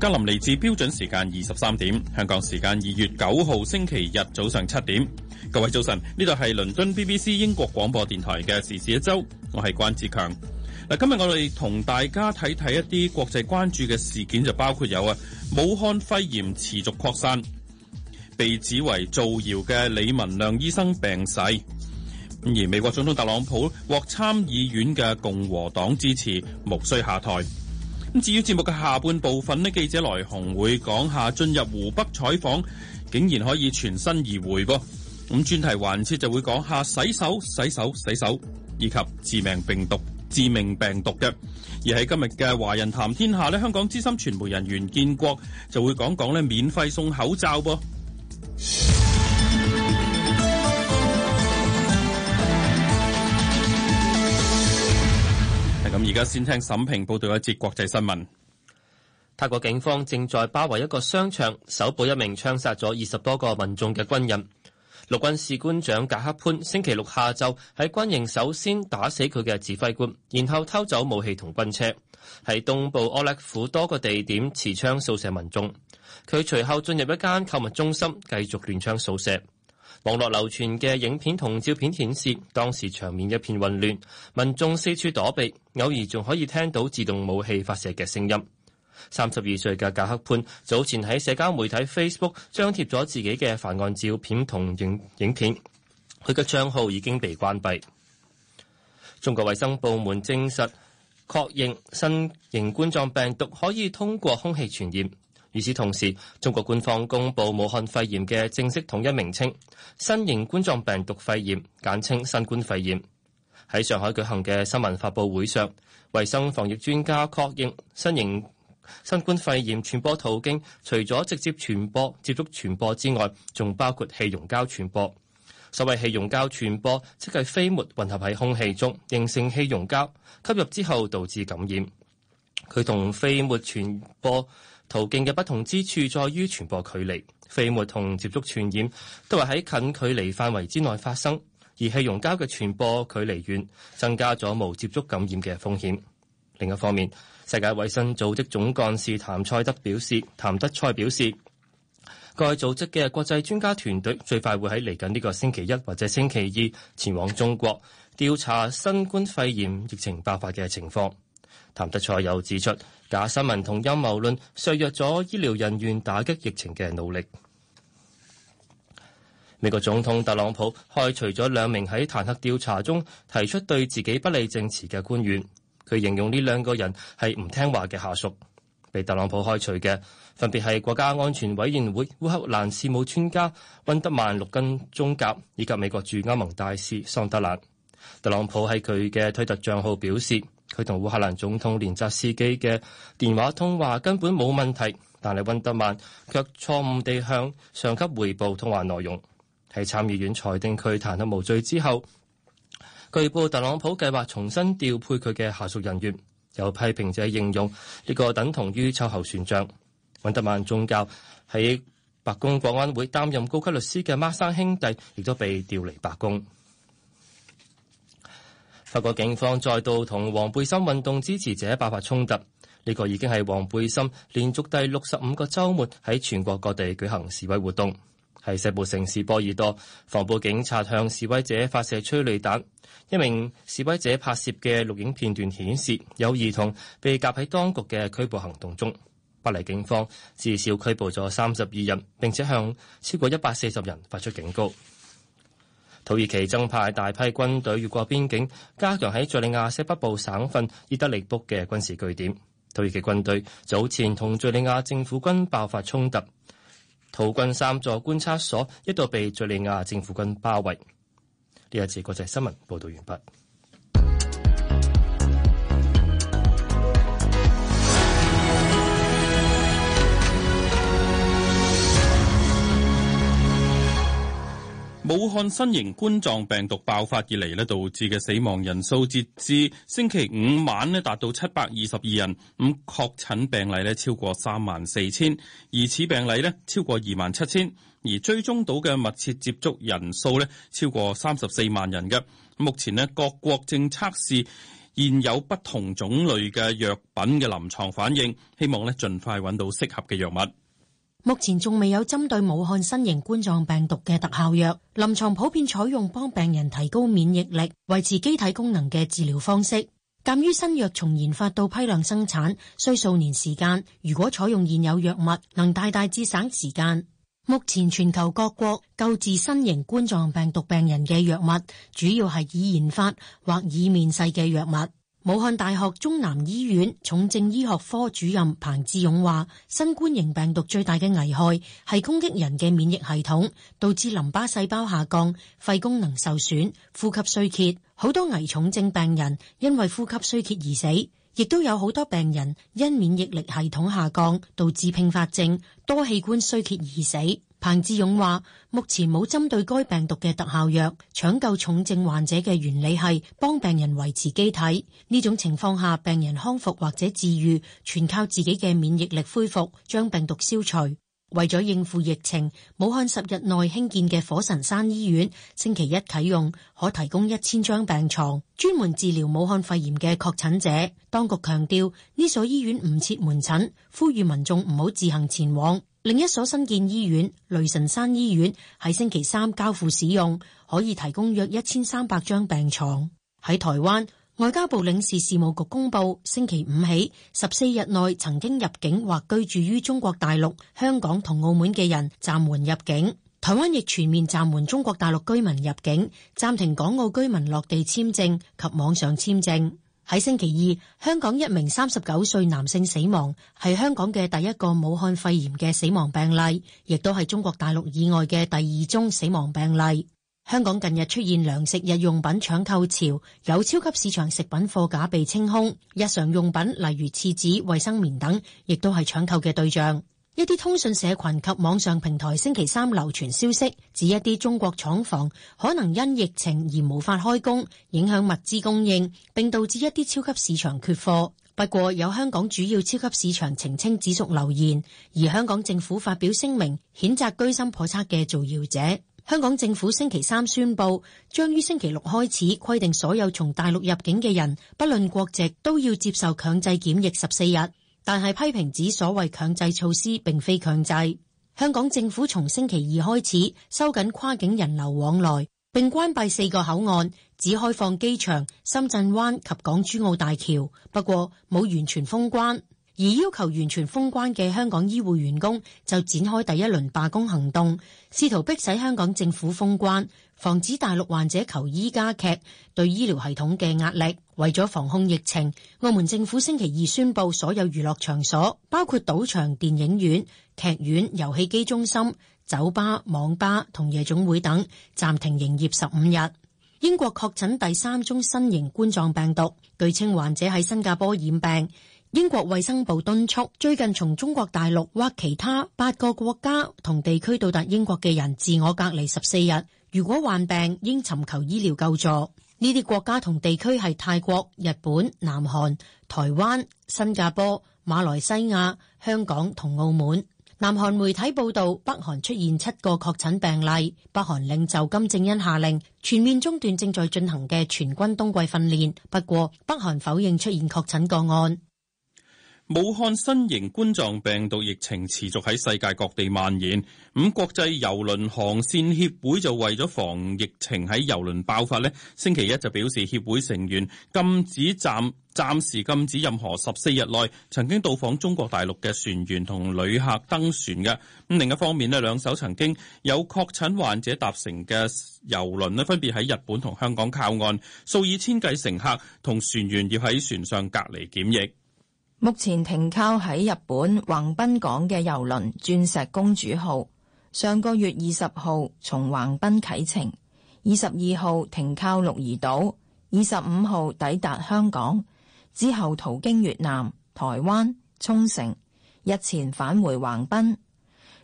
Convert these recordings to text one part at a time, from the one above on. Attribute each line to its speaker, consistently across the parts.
Speaker 1: 格林嚟自標準時間二十三點，香港時間二月九號星期日早上七點。各位早晨，呢度係倫敦 BBC 英國廣播電台嘅時事一周，我係關志強。嗱，今日我哋同大家睇睇一啲國際關注嘅事件，就包括有啊，武漢肺炎持續擴散，被指為造謠嘅李文亮醫生病逝，而美國總統特朗普獲參議院嘅共和黨支持，無需下台。咁至於節目嘅下半部分咧，記者來鴻會講下進入湖北採訪，竟然可以全身而回噃。咁專題環節就會講下洗手、洗手、洗手，以及致命病毒、致命病毒嘅。而喺今日嘅華人談天下咧，香港資深傳媒人袁建國就會講講咧免費送口罩噃。咁而家先聽沈平報道一節國際新聞。泰國警方正在包圍一個商場，搜
Speaker 2: 捕一名槍殺咗二十多個民眾嘅軍人。陸軍士官長賈克潘星期六下晝喺軍營首先打死佢嘅指揮官，然後偷走武器同軍車。喺東部奧勒府多個地點持槍掃射民眾。佢隨後進入一間購物中心，繼續亂槍掃射。網絡流傳嘅影片同照片顯示，當時場面一片混亂，民眾四處躲避，偶爾仲可以聽到自動武器發射嘅聲音。三十二歲嘅賈克潘早前喺社交媒體 Facebook 張貼咗自己嘅犯案照片同影影片，佢嘅賬號已經被關閉。中國衛生部門證實確認新型冠狀病毒可以通過空氣傳染。與此同時，中國官方公布武漢肺炎嘅正式統一名稱——新型冠狀病毒肺炎，簡稱新冠肺炎。喺上海舉行嘅新聞發布會上，衛生防疫專家確認，新型新冠肺炎傳播途徑除咗直接傳播、接觸傳播之外，仲包括氣溶膠傳播。所謂氣溶膠傳播，即係飛沫混合喺空氣中，形成氣溶膠，吸入之後導致感染。佢同飛沫傳播途徑嘅不同之處在於傳播距離，飛沫同接觸傳染都係喺近距離範圍之內發生，而氣溶膠嘅傳播距離遠，增加咗無接觸感染嘅風險。另一方面，世界衛生組織總幹事譚塞德表示，譚德塞表示，該組織嘅國際專家團隊最快會喺嚟緊呢個星期一或者星期二前往中國調查新冠肺炎疫情爆發嘅情況。譚德賽又指出，假新聞同陰謀論削弱咗醫療人員打擊疫情嘅努力。美國總統特朗普開除咗兩名喺彈劾調查中提出對自己不利證詞嘅官員，佢形容呢兩個人係唔聽話嘅下屬。被特朗普開除嘅，分別係國家安全委員會烏克蘭事務專家溫德曼陸軍中校，以及美國駐歐盟大使桑德蘭。特朗普喺佢嘅推特賬號表示。佢同烏克蘭總統澤連斯基嘅電話通話根本冇問題，但係溫德曼卻錯誤地向上級回報通話內容。喺參議院裁定佢談得無罪之後，據報特朗普計劃重新調配佢嘅下屬人員，有批評者形容呢個等同於秋後算賬。溫德曼仲教喺白宮國安會擔任高級律師嘅孖生兄弟亦都被調離白宮。法國警方再度同黃背心運動支持者爆發衝突，呢個已經係黃背心連續第六十五個周末喺全國各地舉行示威活動。喺西部城市波爾多，防暴警察向示威者發射催淚彈。一名示威者拍攝嘅錄影片段顯示，有兒童被夾喺當局嘅拘捕行動中。巴黎警方至少拘捕咗三十二人，並且向超過一百四十人發出警告。土耳其增派大批軍隊越過邊境，加強喺敍利亞西北部省份伊德利卜嘅軍事據點。土耳其軍隊早前同敘利亞政府軍爆發衝突，土軍三座觀察所一度被敘利亞政府軍包圍。呢一次國際新聞報導完畢。
Speaker 1: 武漢新型冠狀病毒爆發以嚟呢，導致嘅死亡人數截至星期五晚呢達到七百二十二人，咁確診病例呢超過三萬四千，疑似病例呢超過二萬七千，而追蹤到嘅密切接觸人數呢超過三十四萬人嘅。目前呢各國正測試現有不同種類嘅藥品嘅臨牀反應，希望呢盡快揾到適合嘅藥物。
Speaker 3: 目前仲未有針對武漢新型冠狀病毒嘅特效藥，臨床普遍採用幫病人提高免疫力、維持機體功能嘅治療方式。鑒於新藥從研發到批量生產需數年時間，如果採用現有藥物，能大大節省時間。目前全球各國救治新型冠狀病毒病人嘅藥物，主要係已研發或已面世嘅藥物。武漢大學中南醫院重症醫學科主任彭志勇話，新冠型病毒最大嘅危害係攻擊人嘅免疫系統，導致淋巴細胞下降、肺功能受損、呼吸衰竭，好多危重症病人因為呼吸衰竭而死，亦都有好多病人因免疫力系統下降導致併發症、多器官衰竭而死。彭志勇話：目前冇針對該病毒嘅特效藥，搶救重症患者嘅原理係幫病人維持機體。呢種情況下，病人康復或者治愈全靠自己嘅免疫力恢復，將病毒消除。為咗應付疫情，武漢十日內興建嘅火神山醫院星期一啟用，可提供一千張病牀，專門治療武漢肺炎嘅確診者。當局強調呢所醫院唔設門診，呼籲民眾唔好自行前往。另一所新建醫院，雷神山醫院喺星期三交付使用，可以提供約一千三百張病床。喺台灣，外交部領事事務局公布，星期五起，十四日內曾經入境或居住於中國大陸、香港同澳門嘅人暫緩入境。台灣亦全面暫緩中國大陸居民入境，暫停港澳居民落地簽證及網上簽證。喺星期二，香港一名三十九歲男性死亡，係香港嘅第一個武漢肺炎嘅死亡病例，亦都係中國大陸以外嘅第二宗死亡病例。香港近日出現糧食日用品搶購潮，有超級市場食品貨架被清空，日常用品例如廁紙、衛生棉等，亦都係搶購嘅對象。一啲通訊社群及網上平台星期三流傳消息，指一啲中國廠房可能因疫情而無法開工，影響物資供應，並導致一啲超級市場缺貨。不過，有香港主要超級市場澄清指屬流言，而香港政府發表聲明譴責居心叵測嘅造謠者。香港政府星期三宣布，將於星期六開始規定所有從大陸入境嘅人，不論國籍，都要接受強制檢疫十四日。但係批評指所謂強制措施並非強制。香港政府從星期二開始收緊跨境人流往來，並關閉四個口岸，只開放機場、深圳灣及港珠澳大橋。不過冇完全封關，而要求完全封關嘅香港醫護員工就展開第一輪罷工行動，試圖迫使香港政府封關，防止大陸患者求醫加劇對醫療系統嘅壓力。為咗防控疫情，澳門政府星期二宣佈，所有娛樂場所，包括賭場、電影院、劇院、遊戲機中心、酒吧、網吧同夜總會等，暫停營業十五日。英國確診第三宗新型冠狀病毒，據稱患者喺新加坡染病。英國衛生部敦促最近從中國大陸或其他八個國家同地區到達英國嘅人，自我隔離十四日，如果患病應尋求醫療救助。呢啲國家同地區係泰國、日本、南韓、台灣、新加坡、馬來西亞、香港同澳門。南韓媒體報道，北韓出現七個確診病例。北韓領袖金正恩下令全面中斷正在進行嘅全軍冬季訓練。不過，北韓否認出現確診個案。
Speaker 1: 武漢新型冠狀病毒疫情持續喺世界各地蔓延，咁、嗯、國際郵輪航線協會就為咗防疫情喺郵輪爆發呢，星期一就表示協會成員禁止暫暫時禁止任何十四日內曾經到訪中國大陸嘅船員同旅客登船嘅。咁、嗯、另一方面咧，兩艘曾經有確診患者搭乘嘅郵輪咧，分別喺日本同香港靠岸，數以千計乘客同船員要喺船上隔離檢疫。
Speaker 4: 目前停靠喺日本橫濱港嘅郵輪鑽石公主號，上個月二十號從橫濱啟程，二十二號停靠鹿兒島，二十五號抵達香港之後，途經越南、台灣、沖繩，日前返回橫濱。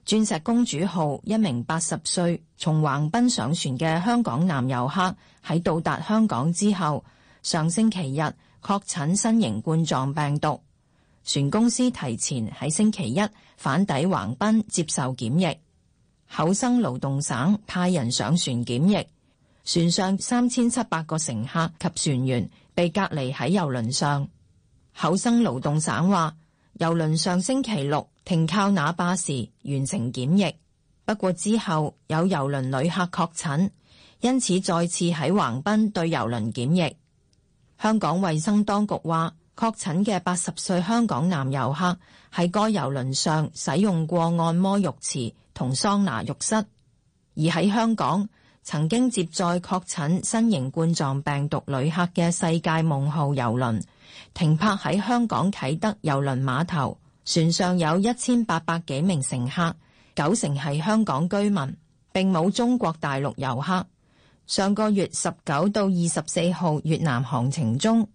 Speaker 4: 鑽石公主號一名八十歲從橫濱上船嘅香港男遊客喺到達香港之後，上星期日確診新型冠狀病毒。船公司提前喺星期一返抵橫濱接受檢疫，厚生勞動省派人上船檢疫，船上三千七百個乘客及船員被隔離喺郵輪上。厚生勞動省話，郵輪上星期六停靠那霸時完成檢疫，不過之後有郵輪旅客確診，因此再次喺橫濱對郵輪檢疫。香港衛生當局話。確診嘅八十歲香港男遊客喺該遊輪上使用過按摩浴池同桑拿浴室，而喺香港曾經接載確診新型冠狀病毒旅客嘅世界夢號游輪停泊喺香港啟德郵輪碼頭，船上有一千八百幾名乘客，九成係香港居民，並冇中國大陸遊客。上個月十九到二十四號越南航程中，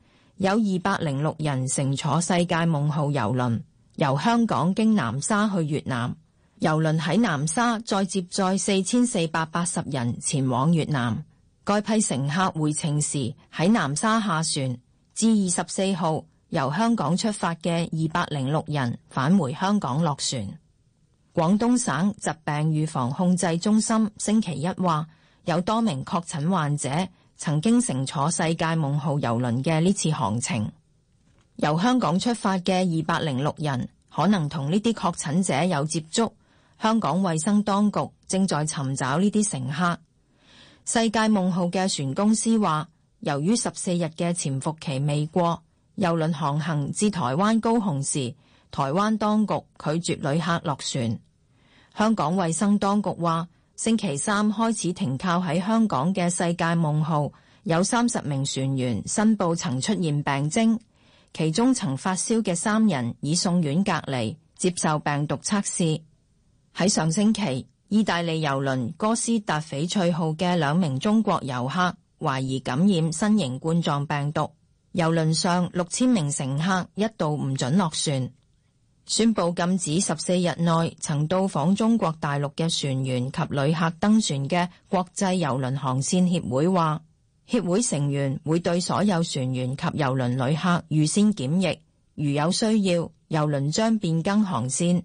Speaker 4: 有二百零六人乘坐世界夢號郵輪，由香港經南沙去越南。郵輪喺南沙再接載四千四百八十人前往越南。該批乘客回程時喺南沙下船，至二十四號由香港出發嘅二百零六人返回香港落船。廣東省疾病預防控制中心星期一話，有多名確診患者。曾經乘坐世界夢號郵輪嘅呢次航程，由香港出發嘅二百零六人可能同呢啲確診者有接觸。香港衛生當局正在尋找呢啲乘客。世界夢號嘅船公司話，由於十四日嘅潛伏期未過，郵輪航行至台灣高雄時，台灣當局拒絕旅客落船。香港衛生當局話。星期三開始停靠喺香港嘅世界夢號，有三十名船員申報曾出現病徵，其中曾發燒嘅三人已送院隔離，接受病毒測試。喺上星期，意大利郵輪哥斯達翡翠號嘅兩名中國遊客懷疑感染新型冠狀病毒，郵輪上六千名乘客一度唔准落船。宣布禁止十四日內曾到訪中國大陸嘅船員及旅客登船嘅國際郵輪航線協會話，協會成員會對所有船員及郵輪旅客預先檢疫，如有需要，郵輪將變更航線。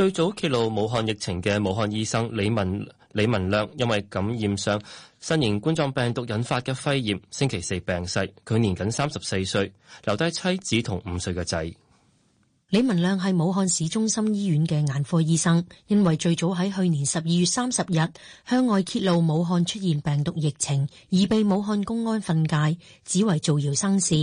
Speaker 2: 最早揭露武漢疫情嘅武漢醫生李文李文亮，因為感染上新型冠狀病毒引發嘅肺炎，星期四病逝。佢年僅三十四歲，留低妻子同五歲嘅仔。
Speaker 3: 李文亮係武漢市中心醫院嘅眼科醫生，因為最早喺去年十二月三十日向外揭露武漢出現病毒疫情，而被武漢公安訓誡，指為造謠生事，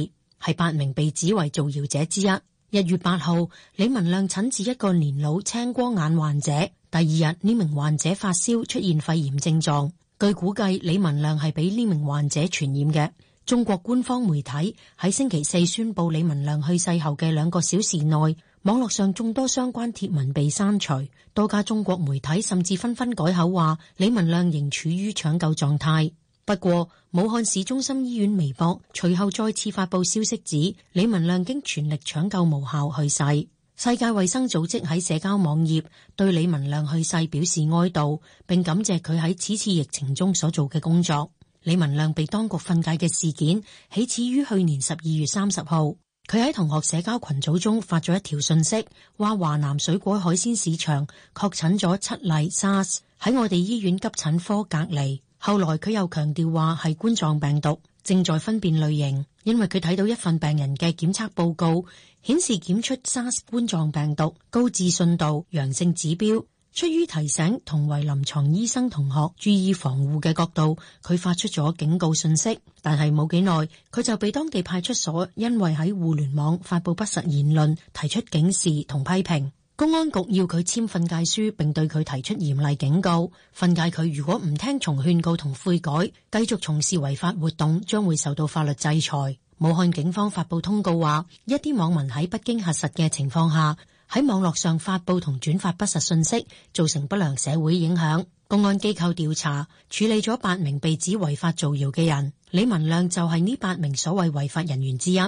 Speaker 3: 係八名被指為造謠者之一。一月八號，李文亮診治一個年老青光眼患者。第二日，呢名患者發燒，出現肺炎症狀。據估計，李文亮係俾呢名患者傳染嘅。中國官方媒體喺星期四宣布李文亮去世後嘅兩個小時內，網絡上眾多相關貼文被刪除，多家中國媒體甚至紛紛改口話李文亮仍處於搶救狀態。不過，武漢市中心醫院微博隨後再次發布消息指，李文亮經全力搶救無效去世。世界衛生組織喺社交網頁對李文亮去世表示哀悼，並感謝佢喺此次疫情中所做嘅工作。李文亮被當局訓誡嘅事件起始於去年十二月三十號，佢喺同學社交群組中發咗一條信息，話華南水果海鮮市場確診咗七例 SARS，喺我哋醫院急診科隔離。後來佢又強調話係冠狀病毒正在分辨類型，因為佢睇到一份病人嘅檢測報告顯示檢出沙士冠狀病毒高置信度陽性指標。出於提醒同為臨床醫生同學注意防護嘅角度，佢發出咗警告信息。但係冇幾耐，佢就被當地派出所因為喺互聯網發佈不實言論提出警示同批評。公安局要佢簽訓誡書，并對佢提出嚴厲警告，訓誡佢如果唔聽從勸告同悔改，繼續從事違法活動，將會受到法律制裁。武漢警方發布通告話，一啲網民喺不經核實嘅情況下，喺網絡上發布同轉發不實信息，造成不良社會影響，公安機構調查處理咗八名被指違法造謠嘅人，李文亮就係呢八名所謂違法人員之一。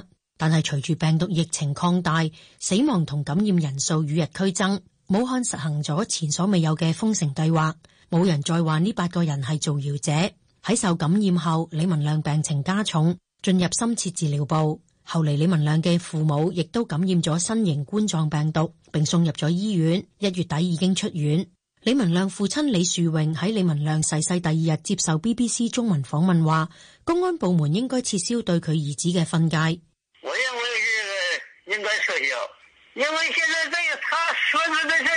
Speaker 3: 但係，隨住病毒疫情擴大，死亡同感染人數與日俱增。武漢實行咗前所未有嘅封城計劃，冇人再話呢八個人係造謠者。喺受感染後，李文亮病情加重，進入深切治療部。後嚟，李文亮嘅父母亦都感染咗新型冠狀病毒，並送入咗醫院。一月底已經出院。李文亮父親李樹榮喺李文亮逝世第二日接受 BBC 中文訪問，話公安部門應該撤銷對佢兒子嘅訓誡。
Speaker 5: 應該撤銷，因為現在呢，他說的呢，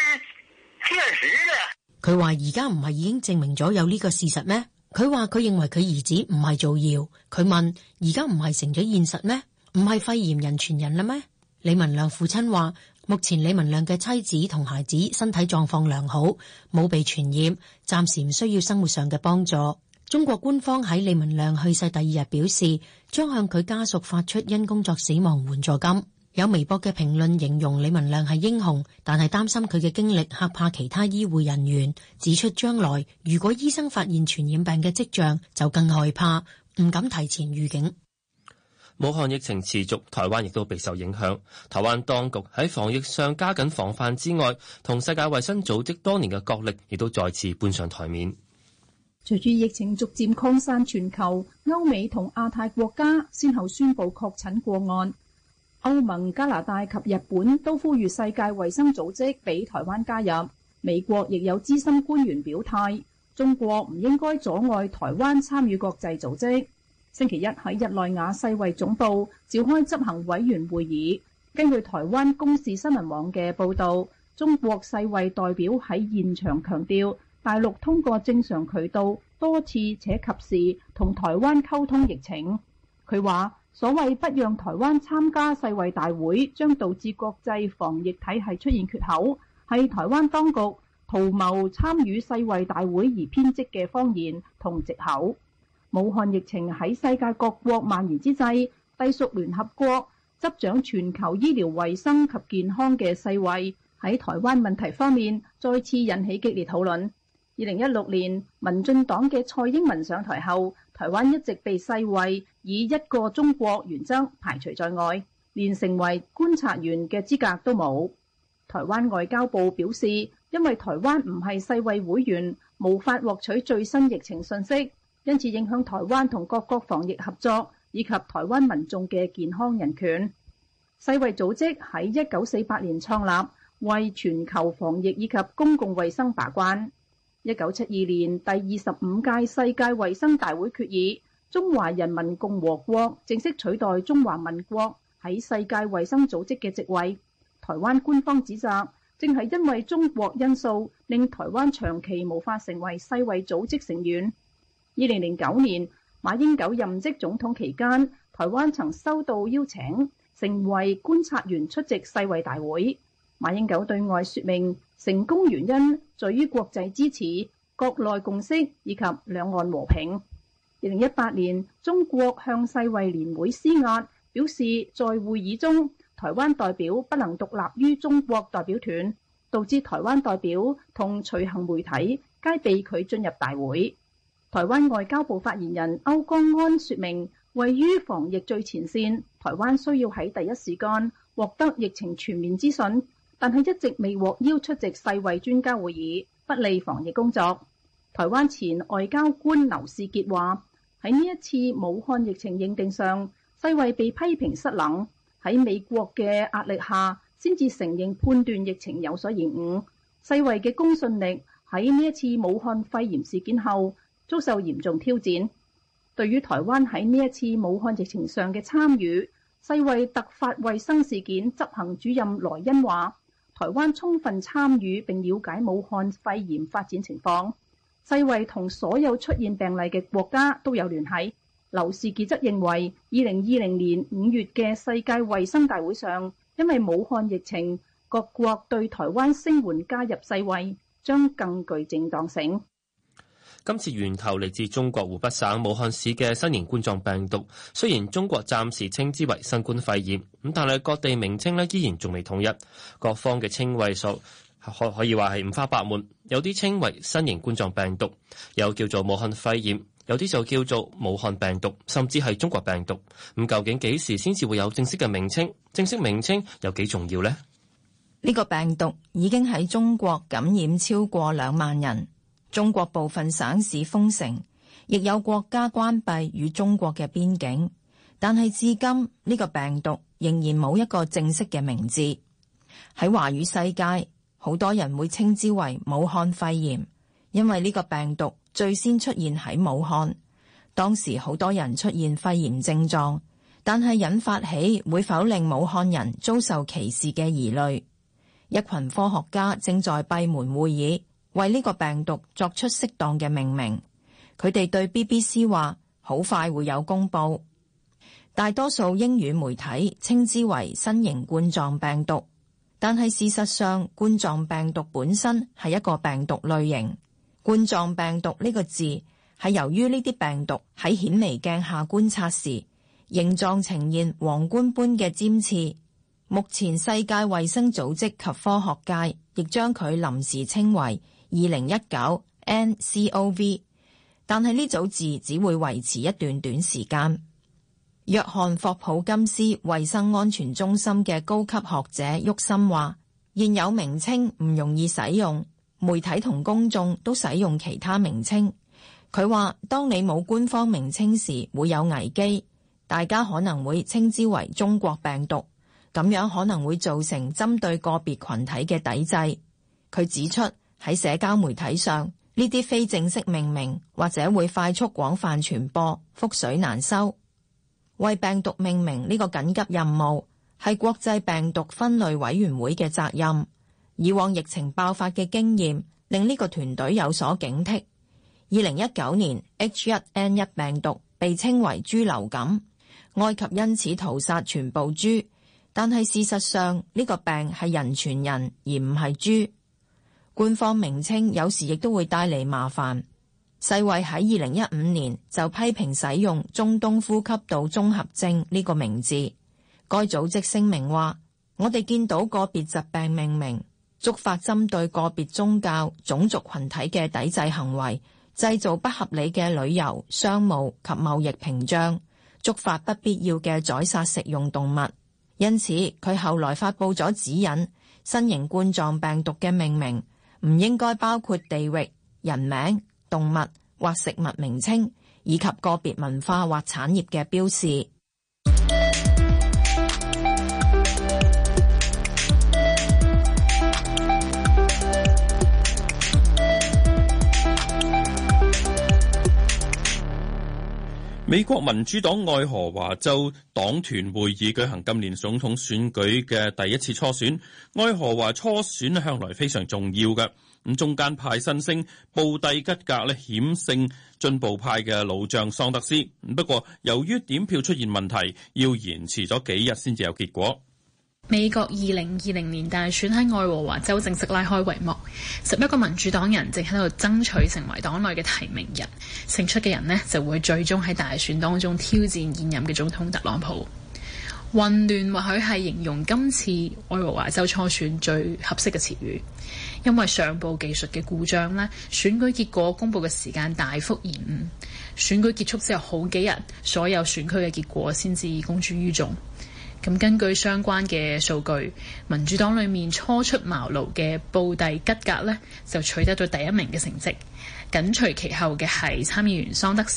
Speaker 5: 是
Speaker 3: 確實的。佢話而家唔係已經證明咗有呢個事實咩？佢話佢認為佢兒子唔係造謠。佢問而家唔係成咗現實咩？唔係肺炎人傳人啦咩？李文亮父親話，目前李文亮嘅妻子同孩子身體狀況良好，冇被傳染，暫時唔需要生活上嘅幫助。中國官方喺李文亮去世第二日表示，將向佢家屬發出因工作死亡援助金。有微博嘅評論形容李文亮係英雄，但係擔心佢嘅經歷嚇怕其他醫護人員。指出將來如果醫生發現傳染病嘅跡象，就更害怕，唔敢提前預警。
Speaker 2: 武漢疫情持續，台灣亦都備受影響。台灣當局喺防疫上加緊防範之外，同世界衛生組織多年嘅角力亦都再次搬上台面。
Speaker 6: 隨住疫情逐漸擴散全球，歐美同亞太國家先後宣布確診個案。歐盟、加拿大及日本都呼籲世界衛生組織俾台灣加入，美國亦有資深官員表態，中國唔應該阻礙台灣參與國際組織。星期一喺日內瓦世衛總部召開執行委員會議，根據台灣公視新聞網嘅報道，中國世衛代表喺現場強調，大陸通過正常渠道，多次且及時同台灣溝通疫情。佢話：所謂不讓台灣參加世衛大會，將導致國際防疫體系出現缺口，係台灣當局圖謀參與世衛大會而編織嘅謊言同藉口。武漢疫情喺世界各國蔓延之際，隸屬聯合國執掌全球醫療衛生及健康嘅世衛，喺台灣問題方面再次引起激烈討論。二零一六年民進黨嘅蔡英文上台後，台灣一直被世衛以一個中國原則排除在外，連成為觀察員嘅資格都冇。台灣外交部表示，因為台灣唔係世衛會員，無法獲取最新疫情信息，因此影響台灣同各國防疫合作，以及台灣民眾嘅健康人權。世衛組織喺一九四八年創立，為全球防疫以及公共衛生把關。一九七二年第二十五屆世界衛生大會決議，中華人民共和國正式取代中華民國喺世界衛生組織嘅席位。台灣官方指責，正係因為中國因素，令台灣長期無法成為世衛組織成員。二零零九年，馬英九任職總統期間，台灣曾收到邀請，成為觀察員出席世衛大會。馬英九對外説明成功原因，在於國際支持、國內共識以及兩岸和平。二零一八年，中國向世衞聯會施壓，表示在會議中台灣代表不能獨立於中國代表團，導致台灣代表同隨行媒體皆被拒進入大會。台灣外交部發言人歐江安説明，位於防疫最前線，台灣需要喺第一時間獲得疫情全面資訊。但係一直未獲邀出席世衛專家會議，不利防疫工作。台灣前外交官劉士傑話：喺呢一次武漢疫情認定上，世衛被批評失冷，喺美國嘅壓力下先至承認判斷疫情有所延誤。世衛嘅公信力喺呢一次武漢肺炎事件後遭受嚴重挑戰。對於台灣喺呢一次武漢疫情上嘅參與，世衛突發衛生事件執行主任萊恩話。台灣充分參與並了解武漢肺炎發展情況，世衛同所有出現病例嘅國家都有聯繫。劉士傑則認為，二零二零年五月嘅世界衛生大會上，因為武漢疫情，各國對台灣聲援加入世衛將更具正當性。
Speaker 2: 今次源頭嚟自中國湖北省武漢市嘅新型冠狀病毒，雖然中國暫時稱之為新冠肺炎，咁但係各地名稱咧依然仲未統一，各方嘅稱謂數可可以話係五花八門，有啲稱為新型冠狀病毒，又叫做武漢肺炎，有啲就叫做武漢病毒，甚至係中國病毒。咁究竟幾時先至會有正式嘅名稱？正式名稱有幾重要呢？
Speaker 4: 呢個病毒已經喺中國感染超過兩萬人。中國部分省市封城，亦有國家關閉與中國嘅邊境。但係至今呢個病毒仍然冇一個正式嘅名字。喺華語世界，好多人會稱之為武漢肺炎，因為呢個病毒最先出現喺武漢，當時好多人出現肺炎症狀。但係引發起會否令武漢人遭受歧視嘅疑慮，一群科學家正在閉門會議，為呢個病毒作出適當嘅命名，佢哋對 BBC 話好快會有公布。大多數英語媒體稱之為新型冠狀病毒，但係事實上冠狀病毒本身係一個病毒類型。冠狀病毒呢個字係由於呢啲病毒喺顯微鏡下觀察時形狀呈現皇冠般嘅尖刺。目前世界衛生組織及科學界亦將佢臨時稱為，二零一九 n c o v，但係呢組字只會維持一段短時間。約翰霍普金斯衛生安全中心嘅高級學者沃森話：現有名稱唔容易使用，媒體同公眾都使用其他名稱。佢話：當你冇官方名稱時，會有危機，大家可能會稱之為中國病毒，咁樣可能會造成針對個別群體嘅抵制。佢指出。喺社交媒體上，呢啲非正式命名或者會快速廣泛傳播，覆水難收。為病毒命名呢個緊急任務係國際病毒分類委員會嘅責任。以往疫情爆發嘅經驗令呢個團隊有所警惕。二零一九年 H1N1 病毒被稱為豬流感，埃及因此屠殺全部豬，但係事實上呢個病係人傳人，而唔係豬。官方名稱有時亦都會帶嚟麻煩。世衛喺二零一五年就批評使用中東呼吸道綜合症呢個名字。該組織聲明話，我哋見到個別疾病命名，觸發針對個別宗教、種族群體嘅抵制行為，製造不合理嘅旅遊、商務及貿易屏障，觸發不必要嘅宰殺食用動物。因此，佢後來發佈咗指引，新型冠狀病毒嘅命名。唔應該包括地域、人名、動物或食物名稱，以及個別文化或產業嘅標示。
Speaker 1: 美國民主黨愛荷華州黨團會議舉行今年總統選舉嘅第一次初選，愛荷華初選向來非常重要嘅。咁中間派新星布蒂吉格咧險勝進步派嘅老將桑德斯，不過由於點票出現問題，要延遲咗幾日先至有結果。
Speaker 7: 美國二零二零年大選喺愛荷華州正式拉開帷幕，十一個民主黨人正喺度爭取成為黨內嘅提名人，勝出嘅人呢，就會最終喺大選當中挑戰現任嘅總統特朗普。混亂或許係形容今次愛荷華州初選最合適嘅詞語，因為上報技術嘅故障呢，選舉結果公布嘅時間大幅延誤，選舉結束之後好幾日，所有選區嘅結果先至公諸於眾。咁根據相關嘅數據，民主黨裏面初出茅廬嘅布蒂吉格呢就取得咗第一名嘅成績，緊隨其後嘅係參議員桑德斯，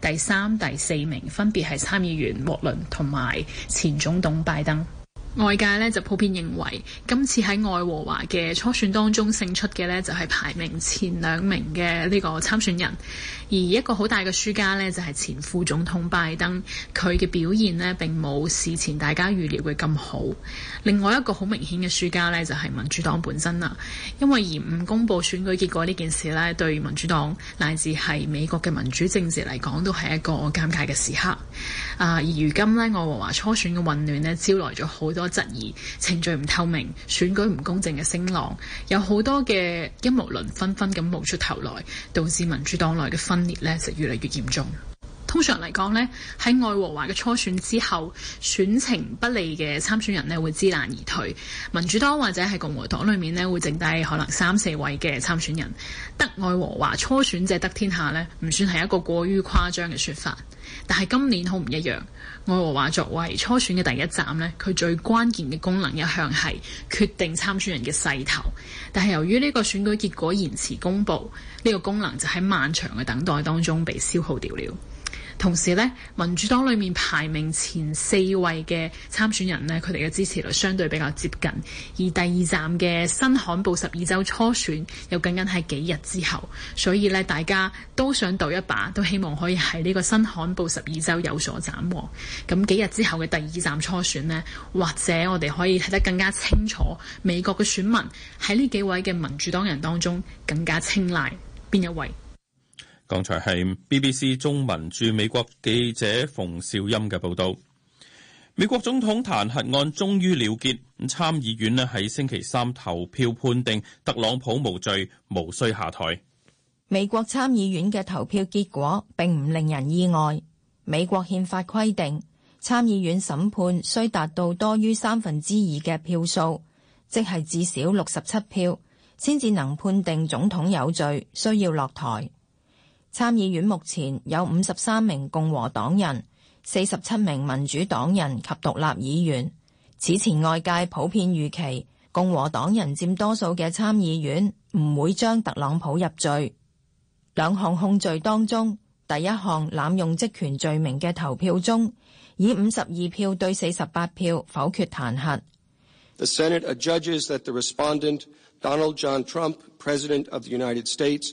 Speaker 7: 第三、第四名分別係參議員沃倫同埋前總統拜登。外界咧就普遍認為，今次喺愛荷華嘅初選當中勝出嘅咧就係排名前兩名嘅呢個參選人，而一個好大嘅輸家咧就係前副總統拜登，佢嘅表現咧並冇事前大家預料嘅咁好。另外一個好明顯嘅輸家呢，就係民主黨本身啦，因為延誤公佈選舉結果呢件事呢，對民主黨乃至係美國嘅民主政治嚟講，都係一個尷尬嘅時刻。啊，而如今呢，愛荷華初選嘅混亂呢，招來咗好多質疑、程序唔透明、選舉唔公正嘅聲浪，有好多嘅陰謀論紛紛咁冒出頭來，導致民主黨內嘅分裂呢，就越嚟越嚴重。通常嚟講呢，喺愛和華嘅初選之後，選情不利嘅參選人呢，會知難而退。民主黨或者係共和黨裡面呢，會剩低可能三四位嘅參選人。得愛和華初選者得天下呢，唔算係一個過於誇張嘅説法。但係今年好唔一樣，愛和華作為初選嘅第一站呢，佢最關鍵嘅功能一向係決定參選人嘅勢頭。但係由於呢個選舉結果延遲公佈，呢個功能就喺漫長嘅等待當中被消耗掉了。同時咧，民主黨裡面排名前四位嘅參選人呢，佢哋嘅支持率相對比較接近，而第二站嘅新罕布什爾州初選又僅僅係幾日之後，所以咧，大家都想賭一把，都希望可以喺呢個新罕布什爾州有所斬獲。咁幾日之後嘅第二站初選呢，或者我哋可以睇得更加清楚，美國嘅選民喺呢幾位嘅民主黨人當中更加青睞邊一位。
Speaker 1: 剛才係 BBC 中文駐美國記者馮紹欽嘅報道。美國總統彈劾案終於了結，參議院咧喺星期三投票判定特朗普無罪，無需下台。
Speaker 4: 美國參議院嘅投票結果並唔令人意外。美國憲法規定，參議院審判需達到多於三分之二嘅票數，即係至少六十七票，先至能判定總統有罪，需要落台。參議院目前有五十三名共和黨人、四十七名民主黨人及獨立議員。此前外界普遍預期共和黨人佔多數嘅參議院唔會將特朗普入罪。兩項控罪當中，第一項濫用職權罪名嘅投票中，以五十二票對四十八票否決彈劾。
Speaker 5: The Senate adjudges that the respondent Donald John Trump, President of the United States.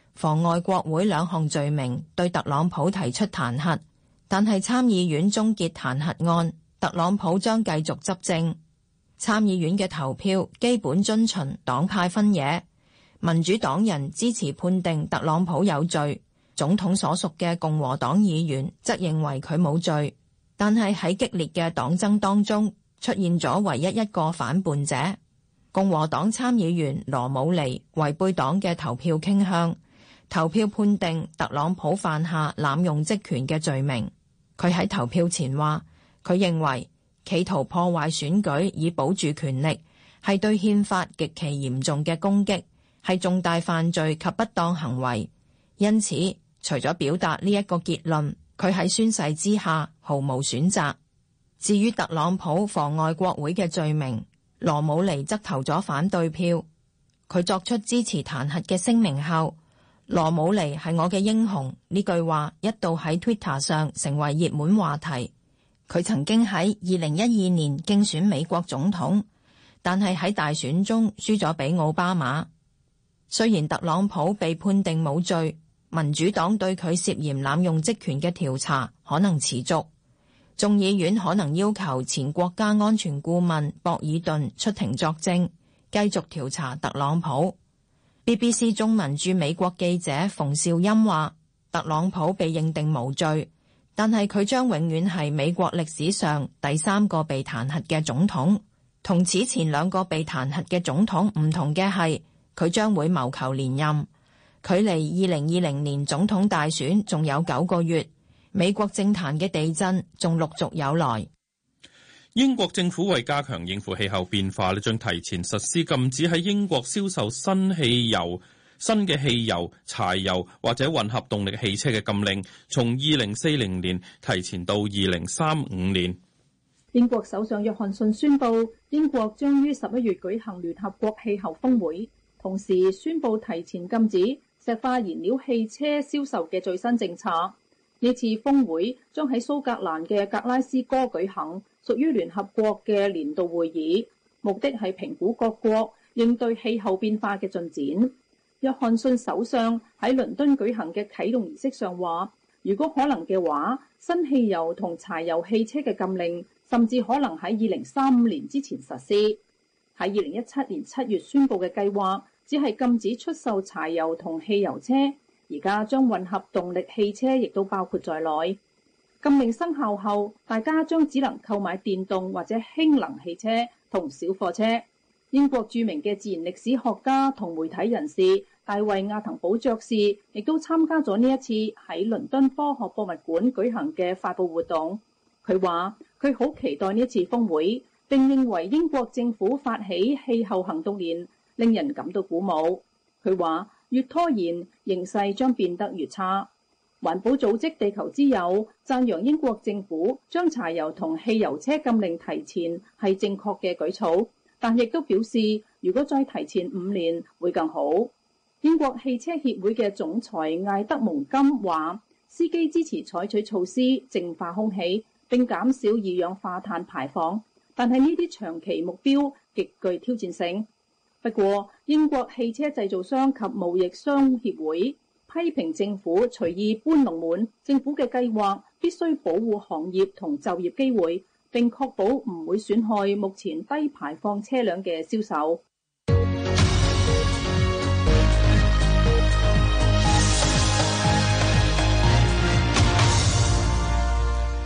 Speaker 4: 妨礙國會兩項罪名對特朗普提出彈劾，但係參議院終結彈劾案，特朗普將繼續執政。參議院嘅投票基本遵循黨派分野，民主黨人支持判定特朗普有罪，總統所屬嘅共和黨議員則認為佢冇罪。但係喺激烈嘅黨爭當中出現咗唯一一個反叛者，共和黨參議員羅姆尼違背黨嘅投票傾向。投票判定特朗普犯下濫用職權嘅罪名。佢喺投票前話，佢認為企圖破壞選舉以保住權力係對憲法極其嚴重嘅攻擊，係重大犯罪及不當行為。因此，除咗表達呢一個結論，佢喺宣誓之下毫無選擇。至於特朗普妨礙國會嘅罪名，羅姆尼則投咗反對票。佢作出支持彈劾嘅聲明後。羅姆尼係我嘅英雄。呢句話一度喺 Twitter 上成為熱門話題。佢曾經喺二零一二年競選美國總統，但係喺大選中輸咗俾奧巴馬。雖然特朗普被判定冇罪，民主黨對佢涉嫌濫用職權嘅調查可能持續。眾議院可能要求前國家安全顧問博爾頓出庭作證，繼續調查特朗普。BBC 中文駐美國記者馮兆音話：特朗普被認定無罪，但係佢將永遠係美國歷史上第三個被彈劾嘅總統。同此前兩個被彈劾嘅總統唔同嘅係，佢將會謀求連任。距離二零二零年總統大選仲有九個月，美國政壇嘅地震仲陸續有來。
Speaker 1: 英國政府為加強應付氣候變化，呢將提前實施禁止喺英國銷售新汽油、新嘅汽油、柴油或者混合動力汽車嘅禁令，從二零四零年提前到二零三五年。
Speaker 6: 英國首相約翰遜宣布，英國將於十一月舉行聯合國氣候峰會，同時宣布提前禁止石化燃料汽車銷售嘅最新政策。呢次峰會將喺蘇格蘭嘅格拉斯哥舉行。屬於聯合國嘅年度會議，目的係評估各國應對氣候變化嘅進展。約翰遜首相喺倫敦舉行嘅啟動儀式上話，如果可能嘅話，新汽油同柴油汽車嘅禁令，甚至可能喺二零三五年之前實施。喺二零一七年七月宣布嘅計劃，只係禁止出售柴油同汽油車，而家將混合動力汽車亦都包括在內。禁令生效後，大家將只能購買電動或者氫能汽車同小貨車。英國著名嘅自然歷史學家同媒體人士大衛亞騰堡爵士，亦都參加咗呢一次喺倫敦科學博物館舉行嘅發佈活動。佢話佢好期待呢一次峰會，并認為英國政府發起氣候行動年令人感到鼓舞。佢話越拖延，形勢將變得越差。環保組織地球之友讚揚英國政府將柴油同汽油車禁令提前係正確嘅舉措，但亦都表示如果再提前五年會更好。英國汽車協會嘅總裁艾德蒙金話，司機支持採取措施淨化空氣，並減少二氧化碳排放，但係呢啲長期目標極具挑戰性。不過，英國汽車製造商及貿易商協會，批評政府隨意搬龍門，政府嘅計劃必須保護行業同就業機會，並確保唔會損害目前低排放車輛嘅銷售。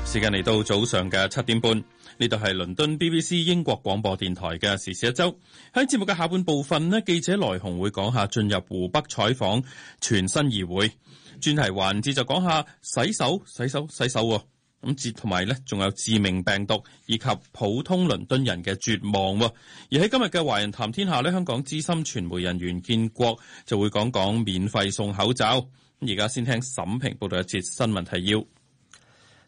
Speaker 1: 時間嚟到早上嘅七點半。呢度係倫敦 BBC 英國廣播電台嘅時事一周。喺節目嘅下半部分咧，記者來鴻會講下進入湖北採訪，全身而回。專題環節就講下洗手、洗手、洗手喎。咁接同埋呢，仲有致命病毒以及普通倫敦人嘅絕望。而喺今日嘅《華人談天下》呢，香港資深傳媒人員建國就會講講免費送口罩。而家先聽沈平報道一節新聞提要。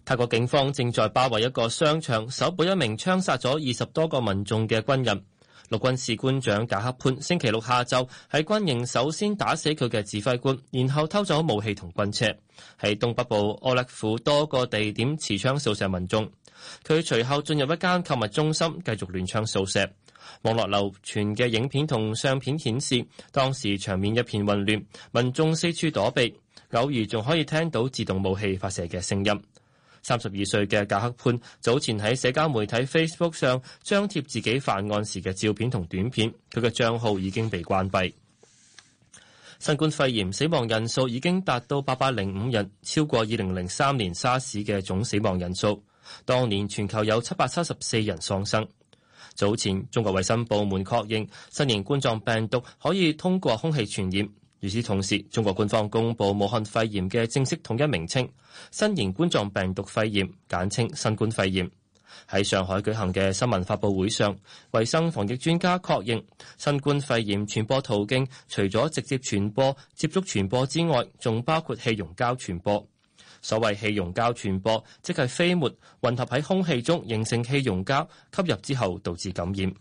Speaker 2: 泰國警方正在包圍一個商場，搜捕一名槍殺咗二十多個民眾嘅軍人陸軍士官長賈克潘。星期六下晝喺軍營，首先打死佢嘅指揮官，然後偷走武器同軍車。喺東北部阿勒府多個地點持槍掃射民眾。佢隨後進入一間購物中心，繼續亂槍掃射。網絡流傳嘅影片同相片顯示，當時場面一片混亂，民眾四處躲避，偶爾仲可以聽到自動武器發射嘅聲音。三十二歲嘅賈克潘早前喺社交媒體 Facebook 上張貼自己犯案時嘅照片同短片，佢嘅帳號已經被關閉。新冠肺炎死亡人數已經達到八百零五人，超過二零零三年沙士嘅總死亡人數。當年全球有七百七十四人喪生。早前中國衞生部門確認，新型冠狀病毒可以通過空氣傳染。與此同時，中國官方公布武漢肺炎嘅正式統一名稱——新型冠狀病毒肺炎，簡稱新冠肺炎。喺上海舉行嘅新聞發佈會上，衛生防疫專家確認，新冠肺炎傳播途徑除咗直接傳播、接觸傳播之外，仲包括氣溶膠傳播。所謂氣溶膠傳播，即係飛沫混合喺空氣中形成氣溶膠，吸入之後導致感染。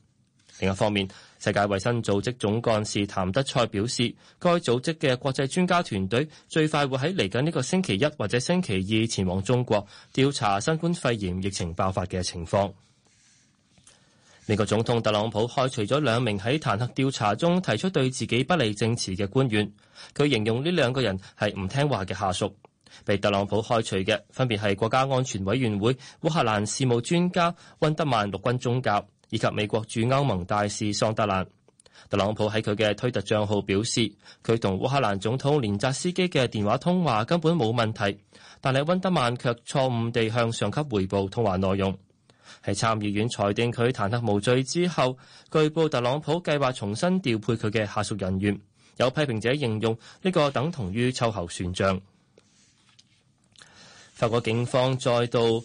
Speaker 2: 另一方面，世界衛生組織總幹事譚德塞表示，該組織嘅國際專家團隊最快會喺嚟緊呢個星期一或者星期二前往中國調查新冠肺炎疫情爆發嘅情況。美國總統特朗普開除咗兩名喺彈劾調查中提出對自己不利證詞嘅官員，佢形容呢兩個人係唔聽話嘅下屬。被特朗普開除嘅分別係國家安全委員會烏克蘭事務專家温德曼陸軍中校，以及美國駐歐盟大使桑德蘭，特朗普喺佢嘅推特帳號表示，佢同烏克蘭總統澤連斯基嘅電話通話根本冇問題，但係温德曼卻錯誤地向上級彙報通話內容。喺參議院裁定佢彈劾無罪之後，據報特朗普計劃重新調配佢嘅下屬人員，有批評者形容呢個等同於秋後算帳。法國警方再度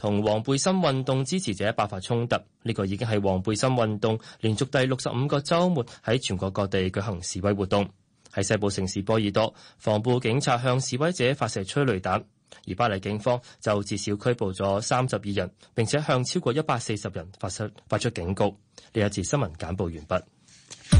Speaker 2: 同黃背心運動支持者爆發衝突，呢、這個已經係黃背心運動連續第六十五個週末喺全國各地舉行示威活動。喺西部城市波爾多，防暴警察向示威者發射催淚彈；而巴黎警方就至少拘捕咗三十二人，並且向超過一百四十人發出發出警告。呢一節新聞簡報完畢。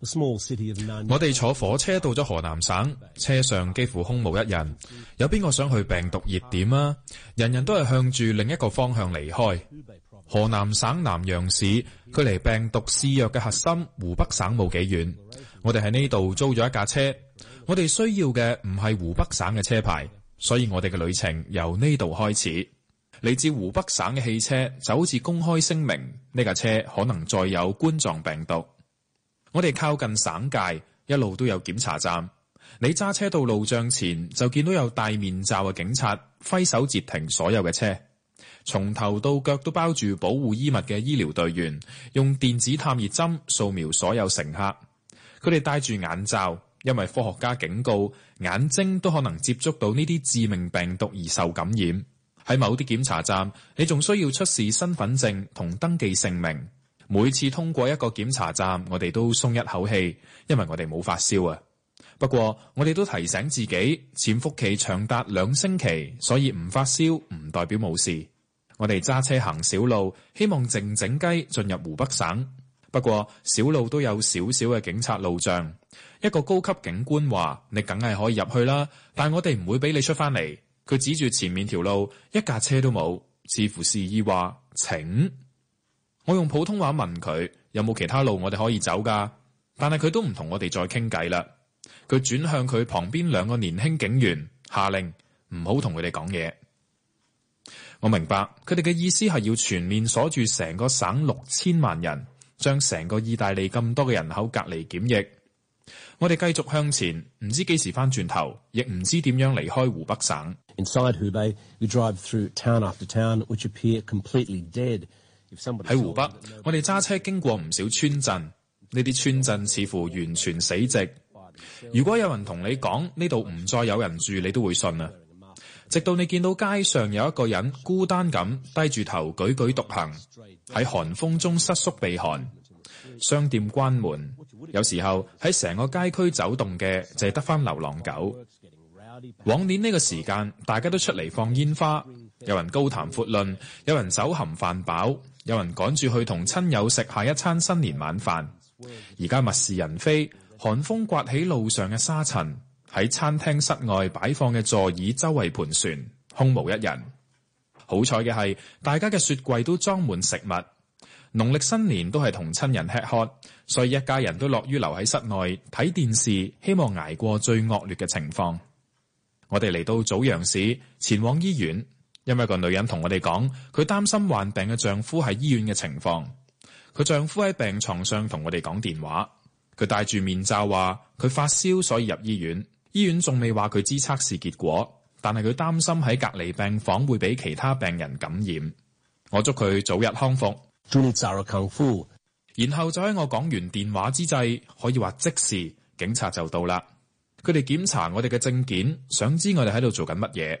Speaker 1: 我哋
Speaker 8: 坐火車到咗河南省，車上幾乎空無一人，有邊個想去病毒熱點啊？人人都係向住另一個方向離開。河南省南陽市，距離病毒肆虐嘅核心湖北省冇幾遠。我哋喺呢度租咗一架車，我哋需要嘅唔係湖北省嘅車牌，所以我哋嘅旅程由呢度開始。嚟自湖北省嘅汽車就好似公開聲明，呢架車可能再有冠狀病毒。我哋靠近省界，一路都有檢查站。你揸車到路障前，就見到有戴面罩嘅警察揮手截停所有嘅車。從頭到腳都包住保護衣物嘅醫療隊員，用電子探熱針掃描所有乘客。佢哋戴住眼罩，因為科學家警告，眼睛都可能接觸到呢啲致命病毒而受感染。喺某啲檢查站，你仲需要出示身份證同登記姓名。每次通過一個檢查站，我哋都鬆一口氣，因為我哋冇發燒啊。不過，我哋都提醒自己，潛伏期長達兩星期，所以唔發燒唔代表冇事。我哋揸車行小路，希望靜靜雞進入湖北省。不過，小路都有少少嘅警察路障。一個高級警官話：「你梗係可以入去啦，但我哋唔會俾你出翻嚟。」佢指住前面條路，一架車都冇，似乎示意話：「請。」我用普通話問佢有冇其他路我哋可以走㗎，但係佢都唔同我哋再傾偈啦。佢轉向佢旁邊兩個年輕警員，下令唔好同佢哋講嘢。我明白佢哋嘅意思係要全面鎖住成個省六千萬人，將成個意大利咁多嘅人口隔離檢疫。我哋繼續向前，唔知幾時返轉頭，亦唔知點樣離開湖北省。Inside 湖北，we drive through town after town, which appear completely dead. 喺湖北，我哋揸車經過唔少村鎮，呢啲村鎮似乎完全死寂。如果有人同你講呢度唔再有人住，你都會信啊。直到你見到街上有一個人孤單咁低住頭，踽踽獨行喺寒風中瑟縮避寒，商店關門。有時候喺成個街區走動嘅淨係得翻流浪狗。往年呢個時間，大家都出嚟放煙花，有人高談闊論，有人酒酣飯飽。有人趕住去同親友食下一餐新年晚飯，而家物是人非，寒風刮起路上嘅沙塵，喺餐廳室外擺放嘅座椅周圍盤旋，空無一人。好彩嘅係，大家嘅雪櫃都裝滿食物。農曆新年都係同親人吃喝，所以一家人都樂於留喺室內睇電視，希望挨過最惡劣嘅情況。我哋嚟到棗陽市，前往醫院。因為個女人同我哋講，佢擔心患病嘅丈夫喺醫院嘅情況。佢丈夫喺病床上同我哋講電話，佢戴住面罩，話佢發燒，所以入醫院。醫院仲未話佢知測試結果，但係佢擔心喺隔離病房會俾其他病人感染。我祝佢早日康復。然後就喺我講完電話之際，可以話即時警察就到啦。佢哋檢查我哋嘅證件，想知我哋喺度做緊乜嘢。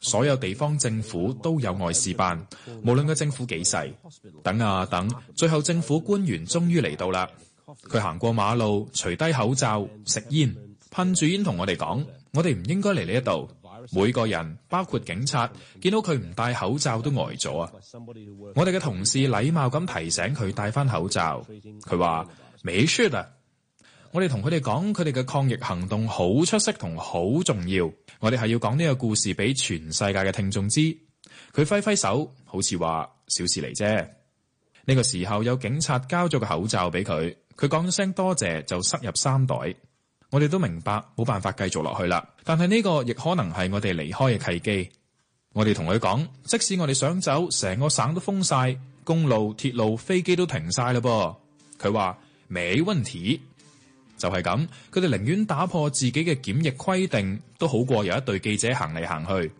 Speaker 8: 所有地方政府都有外事辦，無論個政府幾細，等啊等，最後政府官員終於嚟到啦。佢行過馬路，除低口罩，食煙，噴住煙同我哋講：「我哋唔應該嚟呢一度。」每個人包括警察見到佢唔戴口罩都呆咗啊！我哋嘅同事禮貌咁提醒佢戴翻口罩，佢話：「美舒啊！」我哋同佢哋講，佢哋嘅抗疫行動好出色，同好重要。我哋係要講呢個故事俾全世界嘅聽眾知。佢揮揮手，好似話小事嚟啫。呢個時候有警察交咗個口罩俾佢，佢講咗聲多謝，就塞入衫袋。我哋都明白冇辦法繼續落去啦，但係呢個亦可能係我哋離開嘅契機。我哋同佢講，即使我哋想走，成個省都封晒，公路、鐵路、飛機都停晒啦噃。佢話冇問題。就係咁，佢哋寧願打破自己嘅檢疫規定，都好過有一隊記者行嚟行去。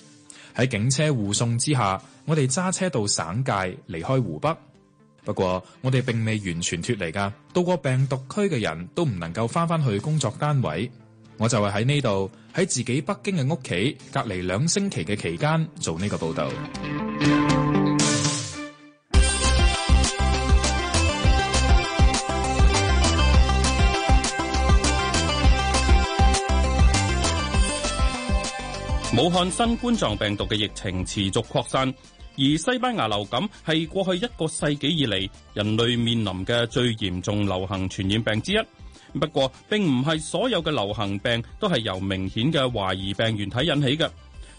Speaker 8: 喺警車護送之下，我哋揸車到省界，離開湖北，不過我哋並未完全脫離噶。到過病毒區嘅人都唔能夠翻返去工作單位。我就係喺呢度，喺自己北京嘅屋企，隔離兩星期嘅期間做呢個報道。
Speaker 1: 武漢新冠狀病毒嘅疫情持續擴散，而西班牙流感係過去一個世紀以嚟人類面臨嘅最嚴重流行傳染病之一。不過，並唔係所有嘅流行病都係由明顯嘅懷疑病原體引起嘅。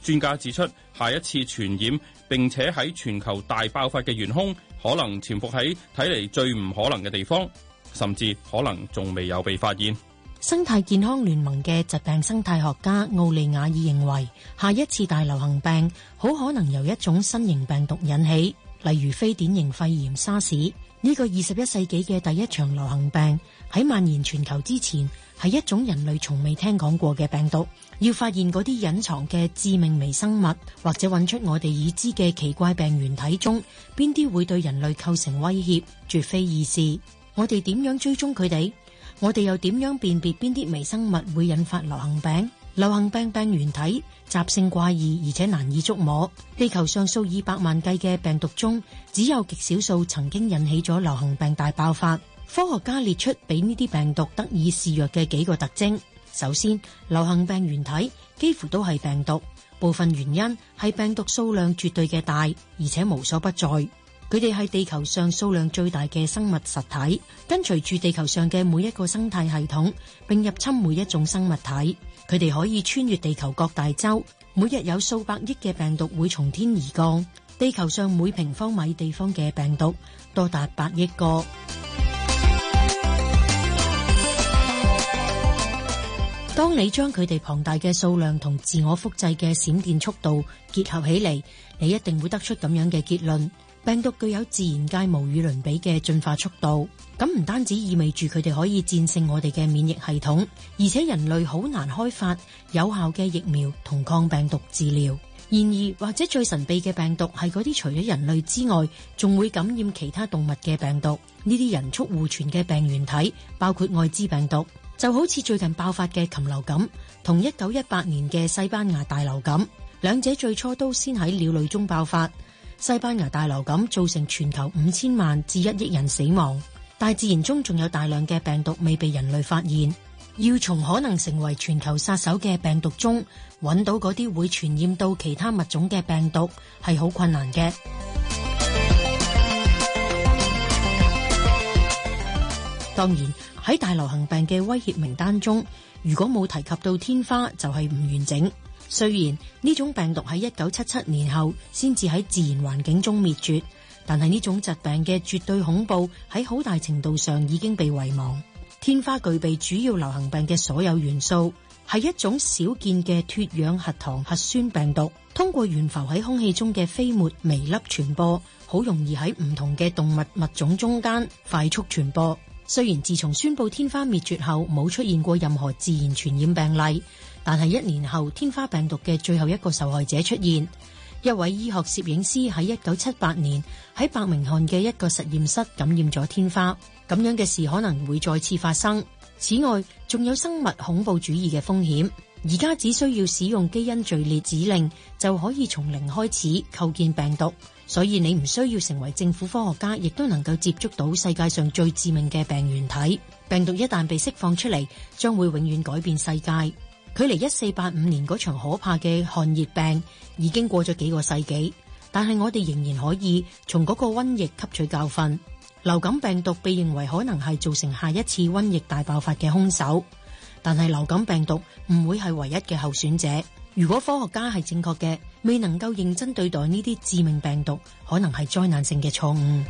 Speaker 1: 專家指出，下一次傳染並且喺全球大爆發嘅元兇，可能潛伏喺睇嚟最唔可能嘅地方，甚至可能仲未有被發現。
Speaker 3: 生態健康聯盟嘅疾病生態學家奧利亞爾認為，下一次大流行病好可能由一種新型病毒引起，例如非典型肺炎沙士。呢個二十一世紀嘅第一場流行病，喺蔓延全球之前，係一種人類從未聽講過嘅病毒。要發現嗰啲隱藏嘅致命微生物，或者揾出我哋已知嘅奇怪病原體中邊啲會對人類構成威脅，絕非易事。我哋點樣追蹤佢哋？我哋又點樣辨別邊啲微生物會引發流行病？流行病病原體習性怪異，而且難以捉摸。地球上數以百萬計嘅病毒中，只有極少數曾經引起咗流行病大爆發。科學家列出俾呢啲病毒得以肆虐嘅幾個特徵。首先，流行病原體幾乎都係病毒。部分原因係病毒數量絕對嘅大，而且無所不在。佢哋係地球上數量最大嘅生物實體，跟隨住地球上嘅每一個生態系統，並入侵每一種生物體。佢哋可以穿越地球各大洲，每日有數百億嘅病毒會從天而降。地球上每平方米地方嘅病毒多達百億個。當你將佢哋龐大嘅數量同自我複製嘅閃電速度結合起嚟，你一定會得出咁樣嘅結論。病毒具有自然界無與倫比嘅進化速度，咁唔單止意味住佢哋可以戰勝我哋嘅免疫系統，而且人類好難開發有效嘅疫苗同抗病毒治療。然而，或者最神秘嘅病毒係嗰啲除咗人類之外，仲會感染其他動物嘅病毒。呢啲人畜互傳嘅病原體，包括艾滋病毒，就好似最近爆發嘅禽流感，同一九一八年嘅西班牙大流感，兩者最初都先喺鳥類中爆發。西班牙大流感造成全球五千萬至一億人死亡，大自然中仲有大量嘅病毒未被人類發現，要從可能成為全球殺手嘅病毒中揾到嗰啲會傳染到其他物種嘅病毒，係好困難嘅。當然，喺大流行病嘅威脅名單中，如果冇提及到天花就係、是、唔完整。雖然呢種病毒喺一九七七年後先至喺自然環境中滅絕，但係呢種疾病嘅絕對恐怖喺好大程度上已經被遺忘。天花具備主要流行病嘅所有元素，係一種少見嘅脱氧核糖核酸病毒，通過懸浮喺空氣中嘅飛沫微粒傳播，好容易喺唔同嘅動物物種中間快速傳播。雖然自從宣布天花滅絕後，冇出現過任何自然傳染病例。但係一年後，天花病毒嘅最後一個受害者出現。一位醫學攝影師喺一九七八年喺伯明翰嘅一個實驗室感染咗天花。咁樣嘅事可能會再次發生。此外，仲有生物恐怖主義嘅風險。而家只需要使用基因序列指令就可以從零開始構建病毒，所以你唔需要成為政府科學家，亦都能夠接觸到世界上最致命嘅病原體。病毒一旦被釋放出嚟，將會永遠改變世界。距離一四八五年嗰場可怕嘅汗熱病已經過咗幾個世紀，但係我哋仍然可以從嗰個瘟疫吸取教訓。流感病毒被認為可能係造成下一次瘟疫大爆發嘅兇手，但係流感病毒唔會係唯一嘅候選者。如果科學家係正確嘅，未能夠認真對待呢啲致命病毒，可能係災難性嘅錯誤。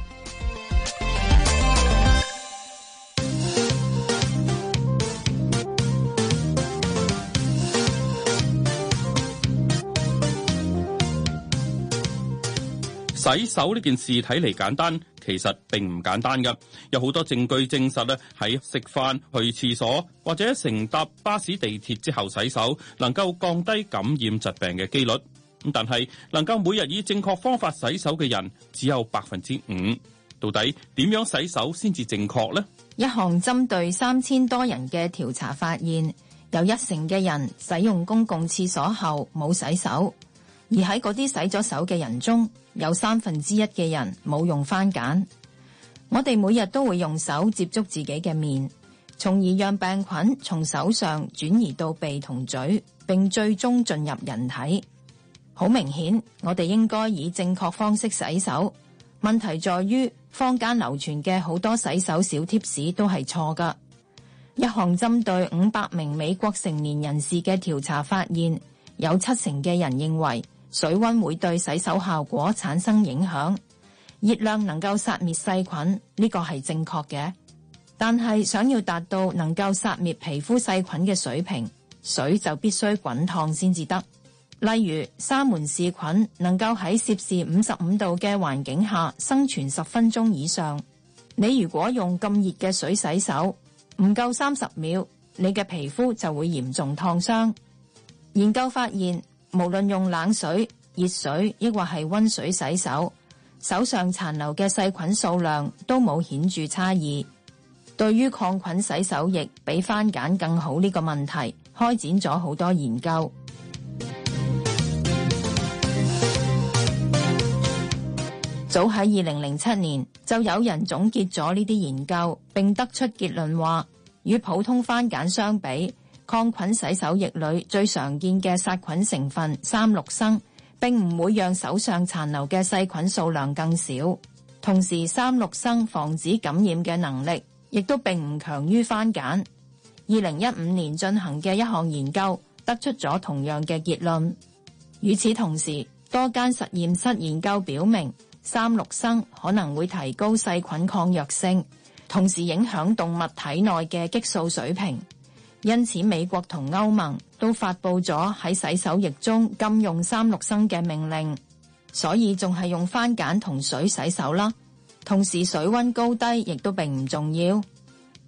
Speaker 1: 洗手呢件事睇嚟簡單，其實並唔簡單嘅。有好多證據證實咧，喺食飯、去廁所或者乘搭巴士、地鐵之後洗手，能夠降低感染疾病嘅幾率。咁但係能夠每日以正確方法洗手嘅人只有百分之五。到底點樣洗手先至正確咧？
Speaker 4: 一項針對三千多人嘅調查發現，有一成嘅人使用公共廁所後冇洗手。而喺嗰啲洗咗手嘅人中，有三分之一嘅人冇用番梘。我哋每日都會用手接觸自己嘅面，從而讓病菌從手上轉移到鼻同嘴，並最終進入人體。好明顯，我哋應該以正確方式洗手。問題在於坊間流傳嘅好多洗手小貼士都係錯噶。一項針對五百名美國成年人士嘅調查發現，有七成嘅人認為。水溫會對洗手效果產生影響，熱量能夠殺滅細菌，呢個係正確嘅，但係想要達到能夠殺滅皮膚細菌嘅水平，水就必須滾燙先至得。例如，沙門氏菌能夠喺攝氏五十五度嘅環境下生存十分鐘以上。你如果用咁熱嘅水洗手，唔夠三十秒，你嘅皮膚就會嚴重燙傷。研究發現。無論用冷水、熱水，抑或係温水洗手，手上殘留嘅細菌數量都冇顯著差異。對於抗菌洗手液比番梘更好呢個問題，開展咗好多研究。早喺二零零七年就有人總結咗呢啲研究，並得出結論話，與普通番梘相比。抗菌洗手液裏最常見嘅殺菌成分三氯生，並唔會讓手上殘留嘅細菌數量更少。同時，三氯生防止感染嘅能力亦都並唔強於番梘。二零一五年進行嘅一項研究得出咗同樣嘅結論。與此同時，多間實驗室研究表明，三氯生可能會提高細菌抗藥性，同時影響動物體內嘅激素水平。因此，美國同歐盟都發佈咗喺洗手液中禁用三氯生嘅命令，所以仲係用番梘同水洗手啦。同時水溫高低亦都並唔重要。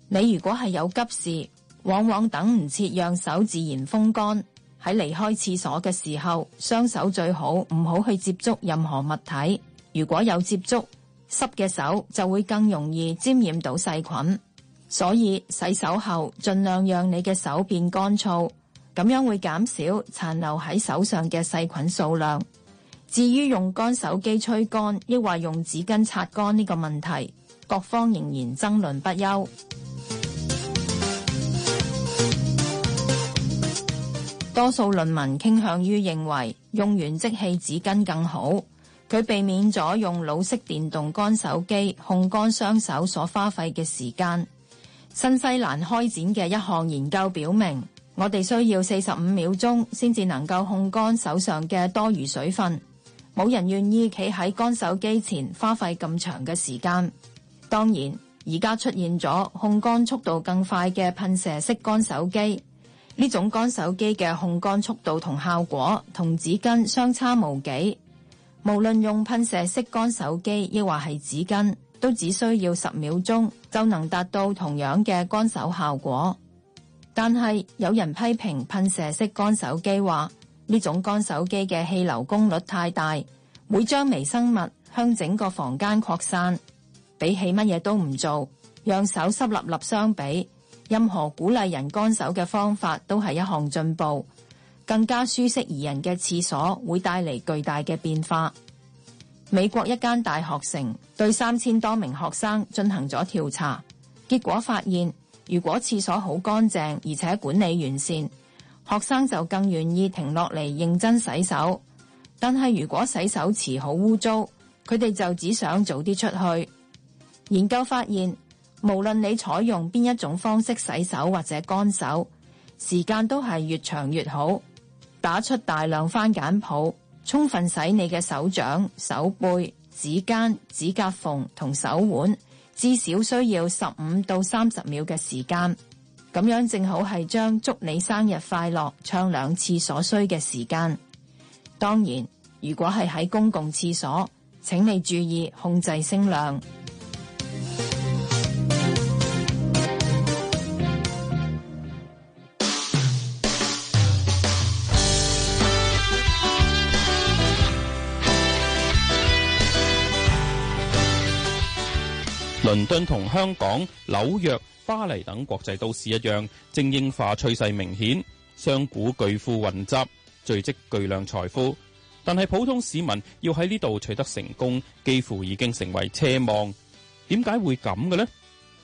Speaker 4: 你如果係有急事，往往等唔切，讓手自然風乾，喺離開廁所嘅時候，雙手最好唔好去接觸任何物體，如果有接觸濕嘅手，就會更容易沾染到細菌。所以洗手後盡量讓你嘅手變乾燥，咁樣會減少殘留喺手上嘅細菌數量。至於用乾手機吹乾，抑或用紙巾擦乾呢個問題，各方仍然爭論不休。多數論文傾向於認為用完即棄紙巾更好，佢避免咗用老式電動乾手機控乾雙手所，所花費嘅時間。新西蘭開展嘅一項研究表明，我哋需要四十五秒鐘先至能夠控乾手上嘅多餘水分。冇人願意企喺乾手機前花費咁長嘅時間。當然，而家出現咗控乾速度更快嘅噴射式乾手機，呢種乾手機嘅控乾速度同效果同紙巾相差無幾。無論用噴射式乾手機抑或係紙巾，都只需要十秒鐘就能達到同樣嘅乾手效果，但係有人批評噴射式乾手機話，呢種乾手機嘅氣流功率太大，會將微生物向整個房間擴散。比起乜嘢都唔做，讓手濕立立相比，任何鼓勵人乾手嘅方法都係一項進步，更加舒適宜人嘅廁所會帶嚟巨大嘅變化。美國一間大學城對三千多名學生進行咗調查，結果發現，如果廁所好乾淨而且管理完善，學生就更願意停落嚟認真洗手。但係如果洗手池好污糟，佢哋就只想早啲出去。研究發現，無論你採用邊一種方式洗手或者乾手，時間都係越長越好。打出大量番梘泡。充分洗你嘅手掌、手背、指間、指甲縫同手腕，至少需要十五到三十秒嘅時間。咁樣正好係將祝你生日快樂唱兩次所需嘅時間。當然，如果係喺公共廁所，請你注意控制聲量。
Speaker 1: 倫敦同香港、紐約、巴黎等國際都市一樣，精英化趨勢明顯，商賈巨富雲集，聚積巨量財富。但係普通市民要喺呢度取得成功，幾乎已
Speaker 9: 經成為奢望。點解會咁嘅呢？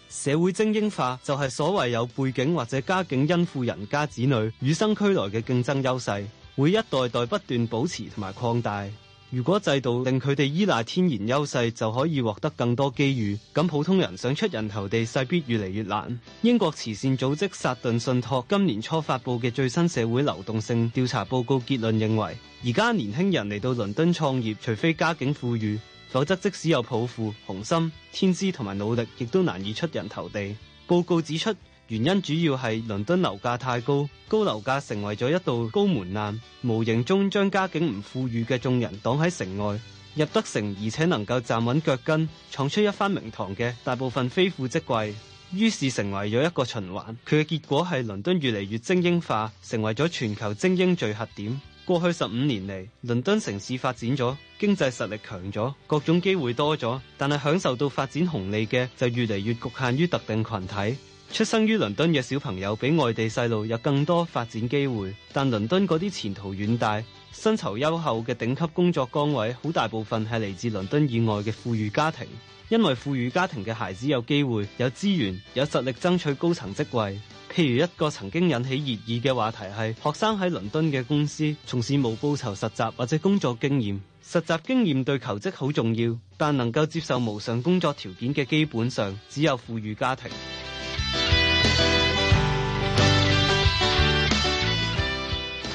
Speaker 9: 社會精英化就係所謂有背景或者家境殷富人家子女與生俱來嘅競爭優勢，會一代代不斷保持同埋擴大。如果制度令佢哋依賴天然優勢，就可以獲得更多機遇。咁普通人想出人頭地，勢必越嚟越難。英國慈善組織薩頓信託今年初發佈嘅最新社會流動性調查報告結論認為，而家年輕人嚟到倫敦創業，除非家境富裕，否則即使有抱負、雄心、天資同埋努力，亦都難以出人頭地。報告指出。原因主要係倫敦樓價太高，高樓價成為咗一道高門檻，無形中將家境唔富裕嘅眾人擋喺城外。入得城而且能夠站穩腳跟、闖出一番名堂嘅，大部分非富即貴，於是成為咗一個循環。佢嘅結果係倫敦越嚟越精英化，成為咗全球精英聚合點。過去十五年嚟，倫敦城市發展咗，經濟實力強咗，各種機會多咗，但係享受到發展紅利嘅就越嚟越局限於特定群體。出生於倫敦嘅小朋友比外地細路有更多發展機會，但倫敦嗰啲前途遠大、薪酬優厚嘅頂級工作崗位，好大部分係嚟自倫敦以外嘅富裕家庭，因為富裕家庭嘅孩子有機會有資源、有實力爭取高層職位。譬如一個曾經引起熱議嘅話題，係學生喺倫敦嘅公司從事無報酬實習或者工作經驗。實習經驗對求職好重要，但能夠接受無償工作條件嘅基本上只有富裕家庭。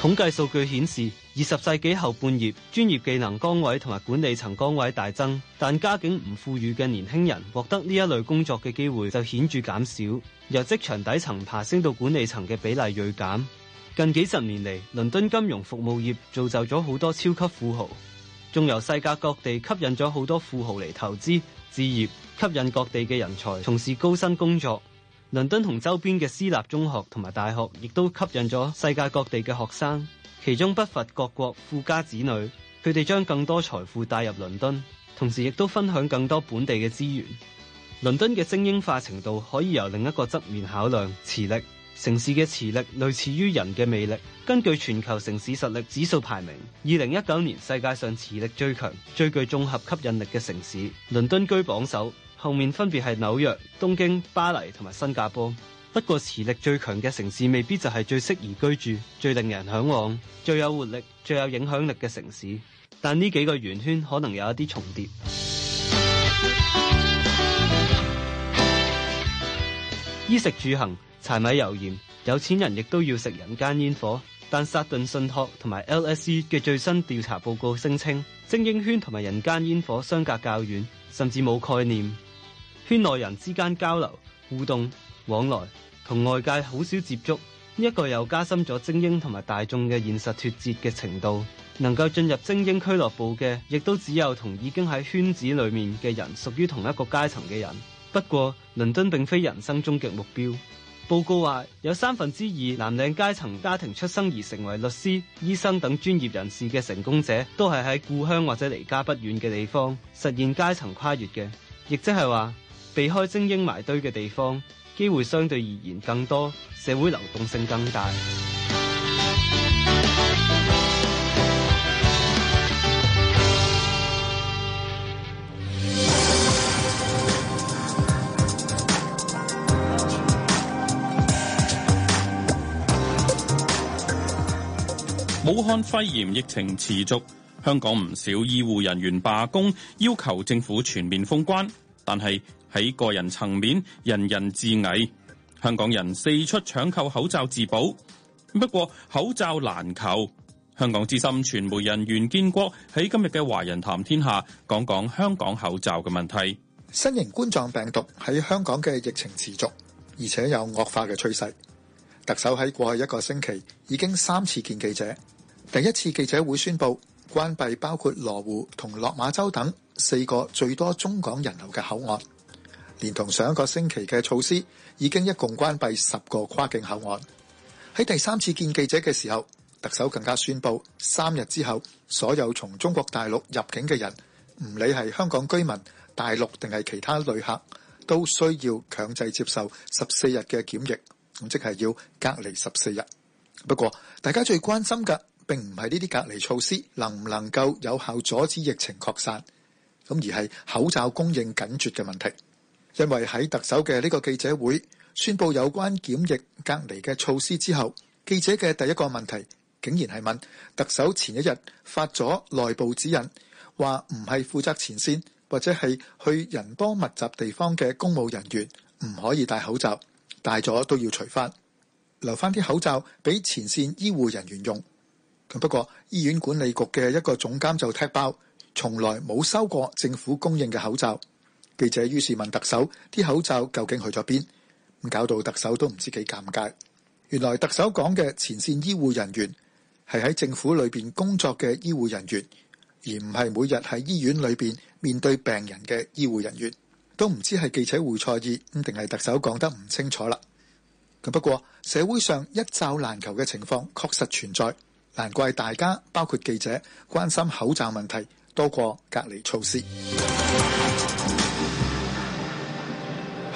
Speaker 9: 統計數據顯示，二十世紀後半葉專業技能崗位同埋管理層崗位大增，但家境唔富裕嘅年輕人獲得呢一類工作嘅機會就顯著減少。由職場底層爬升到管理層嘅比例銳減。近幾十年嚟，倫敦金融服務業造就咗好多超級富豪，仲由世界各地吸引咗好多富豪嚟投資置業，吸引各地嘅人才從事高薪工作。倫敦同周邊嘅私立中學同埋大學，亦都吸引咗世界各地嘅學生，其中不乏各國富家子女。佢哋將更多財富帶入倫敦，同時亦都分享更多本地嘅資源。倫敦嘅精英化程度可以由另一個側面考量：磁力。城市嘅磁力類似於人嘅魅力。根據全球城市實力指數排名，二零一九年世界上磁力最強、最具綜合吸引力嘅城市，倫敦居榜首。後面分別係紐約、東京、巴黎同埋新加坡。不過，磁力最強嘅城市未必就係最適宜居住、最令人向往、最有活力、最有影響力嘅城市。但呢幾個圓圈可能有一啲重疊。 衣食住行、柴米油鹽，有錢人亦都要食人間煙火。但薩頓信託同埋 LSE 嘅最新調查報告聲稱，精英圈同埋人間煙火相隔較遠，甚至冇概念。圈內人之間交流、互動、往來，同外界好少接觸。呢一個又加深咗精英同埋大眾嘅現實脫節嘅程度。能夠進入精英俱樂部嘅，亦都只有同已經喺圈子裏面嘅人，屬於同一個階層嘅人。不過，倫敦並非人生終極目標。報告話，有三分之二藍領階層家庭出生而成為律師、醫生等專業人士嘅成功者，都係喺故鄉或者離家不遠嘅地方實現階層跨越嘅，亦即係話。避開精英埋堆嘅地方，機會相對而言更多，社會流動性更大。
Speaker 1: 武漢肺炎疫情持續，香港唔少醫護人員罷工，要求政府全面封關，但係……喺個人層面，人人自危。香港人四出搶購口罩自保，不過口罩難求。香港資深傳媒人袁建國喺今日嘅《華人談天下》講講香港口罩嘅問題。
Speaker 5: 新型冠狀病毒喺香港嘅疫情持續，而且有惡化嘅趨勢。特首喺過去一個星期已經三次見記者。第一次記者會宣布關閉包括羅湖同落馬洲等四個最多中港人流嘅口岸。連同上一個星期嘅措施，已經一共關閉十個跨境口岸。喺第三次見記者嘅時候，特首更加宣布，三日之後所有從中國大陸入境嘅人，唔理係香港居民、大陸定係其他旅客，都需要強制接受十四日嘅檢疫，咁即係要隔離十四日。不過，大家最關心嘅，並唔係呢啲隔離措施能唔能夠有效阻止疫情擴散，咁而係口罩供應緊絕嘅問題。因為喺特首嘅呢個記者會宣佈有關檢疫隔離嘅措施之後，記者嘅第一個問題竟然係問特首前一日發咗內部指引，話唔係負責前線或者係去人多密集地方嘅公務人員唔可以戴口罩，戴咗都要除翻，留翻啲口罩俾前線醫護人員用。不過醫院管理局嘅一個總監就踢爆，從來冇收過政府供應嘅口罩。記者於是問特首：啲口罩究竟去咗邊？搞到特首都唔知幾尷尬。原來特首講嘅前線醫護人員係喺政府裏邊工作嘅醫護人員，而唔係每日喺醫院裏邊面面對病人嘅醫護人員。都唔知係記者會錯意，定係特首講得唔清楚啦。咁不過社會上一罩難求嘅情況確實存在，難怪大家包括記者關心口罩問題多過隔離措施。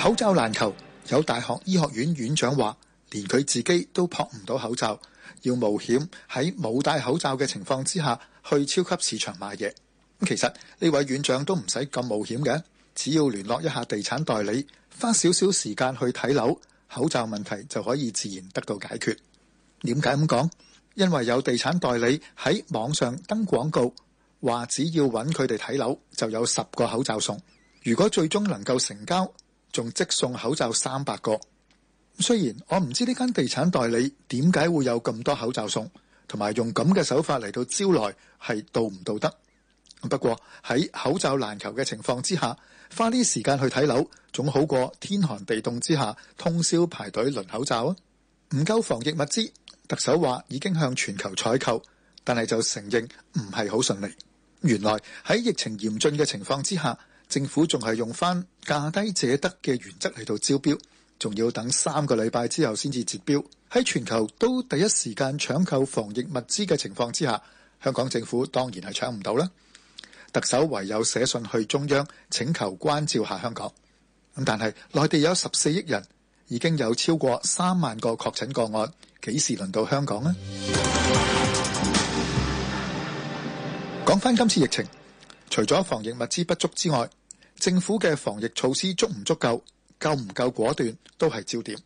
Speaker 5: 口罩難求，有大學醫學院院長話，連佢自己都撲唔到口罩，要冒險喺冇戴口罩嘅情況之下去超級市場買嘢。其實呢位院長都唔使咁冒險嘅，只要聯絡一下地產代理，花少少時間去睇樓，口罩問題就可以自然得到解決。點解咁講？因為有地產代理喺網上登廣告，話只要揾佢哋睇樓，就有十個口罩送。如果最終能夠成交。仲即送口罩三百個，雖然我唔知呢間地產代理點解會有咁多口罩送，同埋用咁嘅手法嚟到招徠，係道唔道德？不過喺口罩難求嘅情況之下，花啲時間去睇樓，總好過天寒地凍之下通宵排隊輪口罩啊！唔夠防疫物資，特首話已經向全球採購，但係就承認唔係好順利。原來喺疫情嚴峻嘅情況之下，政府仲係用翻價低者得嘅原則嚟到招標，仲要等三個禮拜之後先至截標。喺全球都第一時間搶購防疫物資嘅情況之下，香港政府當然係搶唔到啦。特首唯有寫信去中央請求關照下香港。咁但係內地有十四億人，已經有超過三萬個確診個案，幾時輪到香港呢？講翻今次疫情。除咗防疫物資不足之外，政府嘅防疫措施足唔足夠、夠唔夠果斷都係焦點。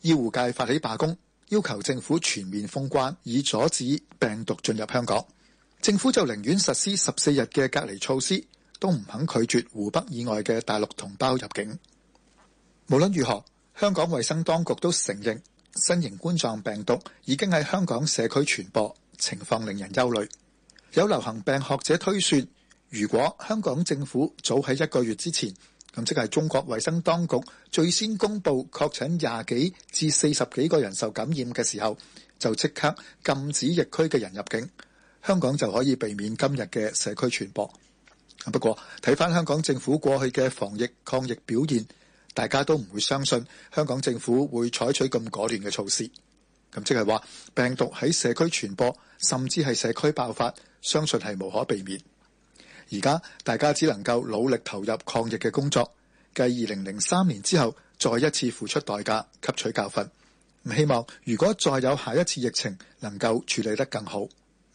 Speaker 5: 醫護界發起罷工，要求政府全面封關，以阻止病毒進入香港。政府就寧願實施十四日嘅隔離措施，都唔肯拒絕湖北以外嘅大陸同胞入境。無論如何，香港衛生當局都承認新型冠狀病毒已經喺香港社區傳播，情況令人憂慮。有流行病學者推算，如果香港政府早喺一個月之前，咁即係中國衛生當局最先公布確診廿幾至四十幾個人受感染嘅時候，就即刻禁止疫區嘅人入境，香港就可以避免今日嘅社區傳播。不過睇翻香港政府過去嘅防疫抗疫表現，大家都唔會相信香港政府會採取咁果斷嘅措施。咁即係話病毒喺社區傳播，甚至係社區爆發，相信係無可避免。而家大家只能夠努力投入抗疫嘅工作，繼二零零三年之後再一次付出代價，吸取教訓。希望如果再有下一次疫情，能夠處理得更好。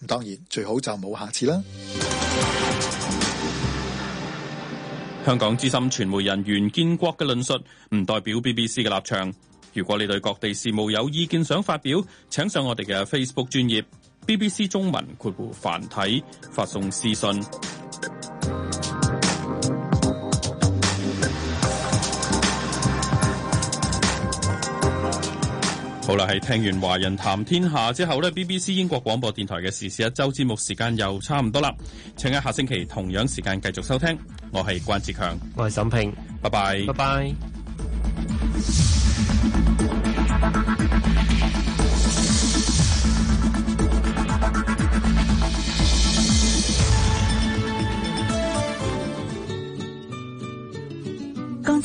Speaker 5: 咁當然最好就冇下次啦。
Speaker 1: 香港資深傳媒人袁建國嘅論述唔代表 BBC 嘅立場。如果你對各地事務有意見想發表，請上我哋嘅 Facebook 專頁。BBC 中文括弧繁體發送私信。 好啦，係聽完華人談天下之後呢 b b c 英國廣播電台嘅時事一周節目時間又差唔多啦。請喺下星期同樣時間繼續收聽。我係關智強，我係沈平，拜拜，拜拜。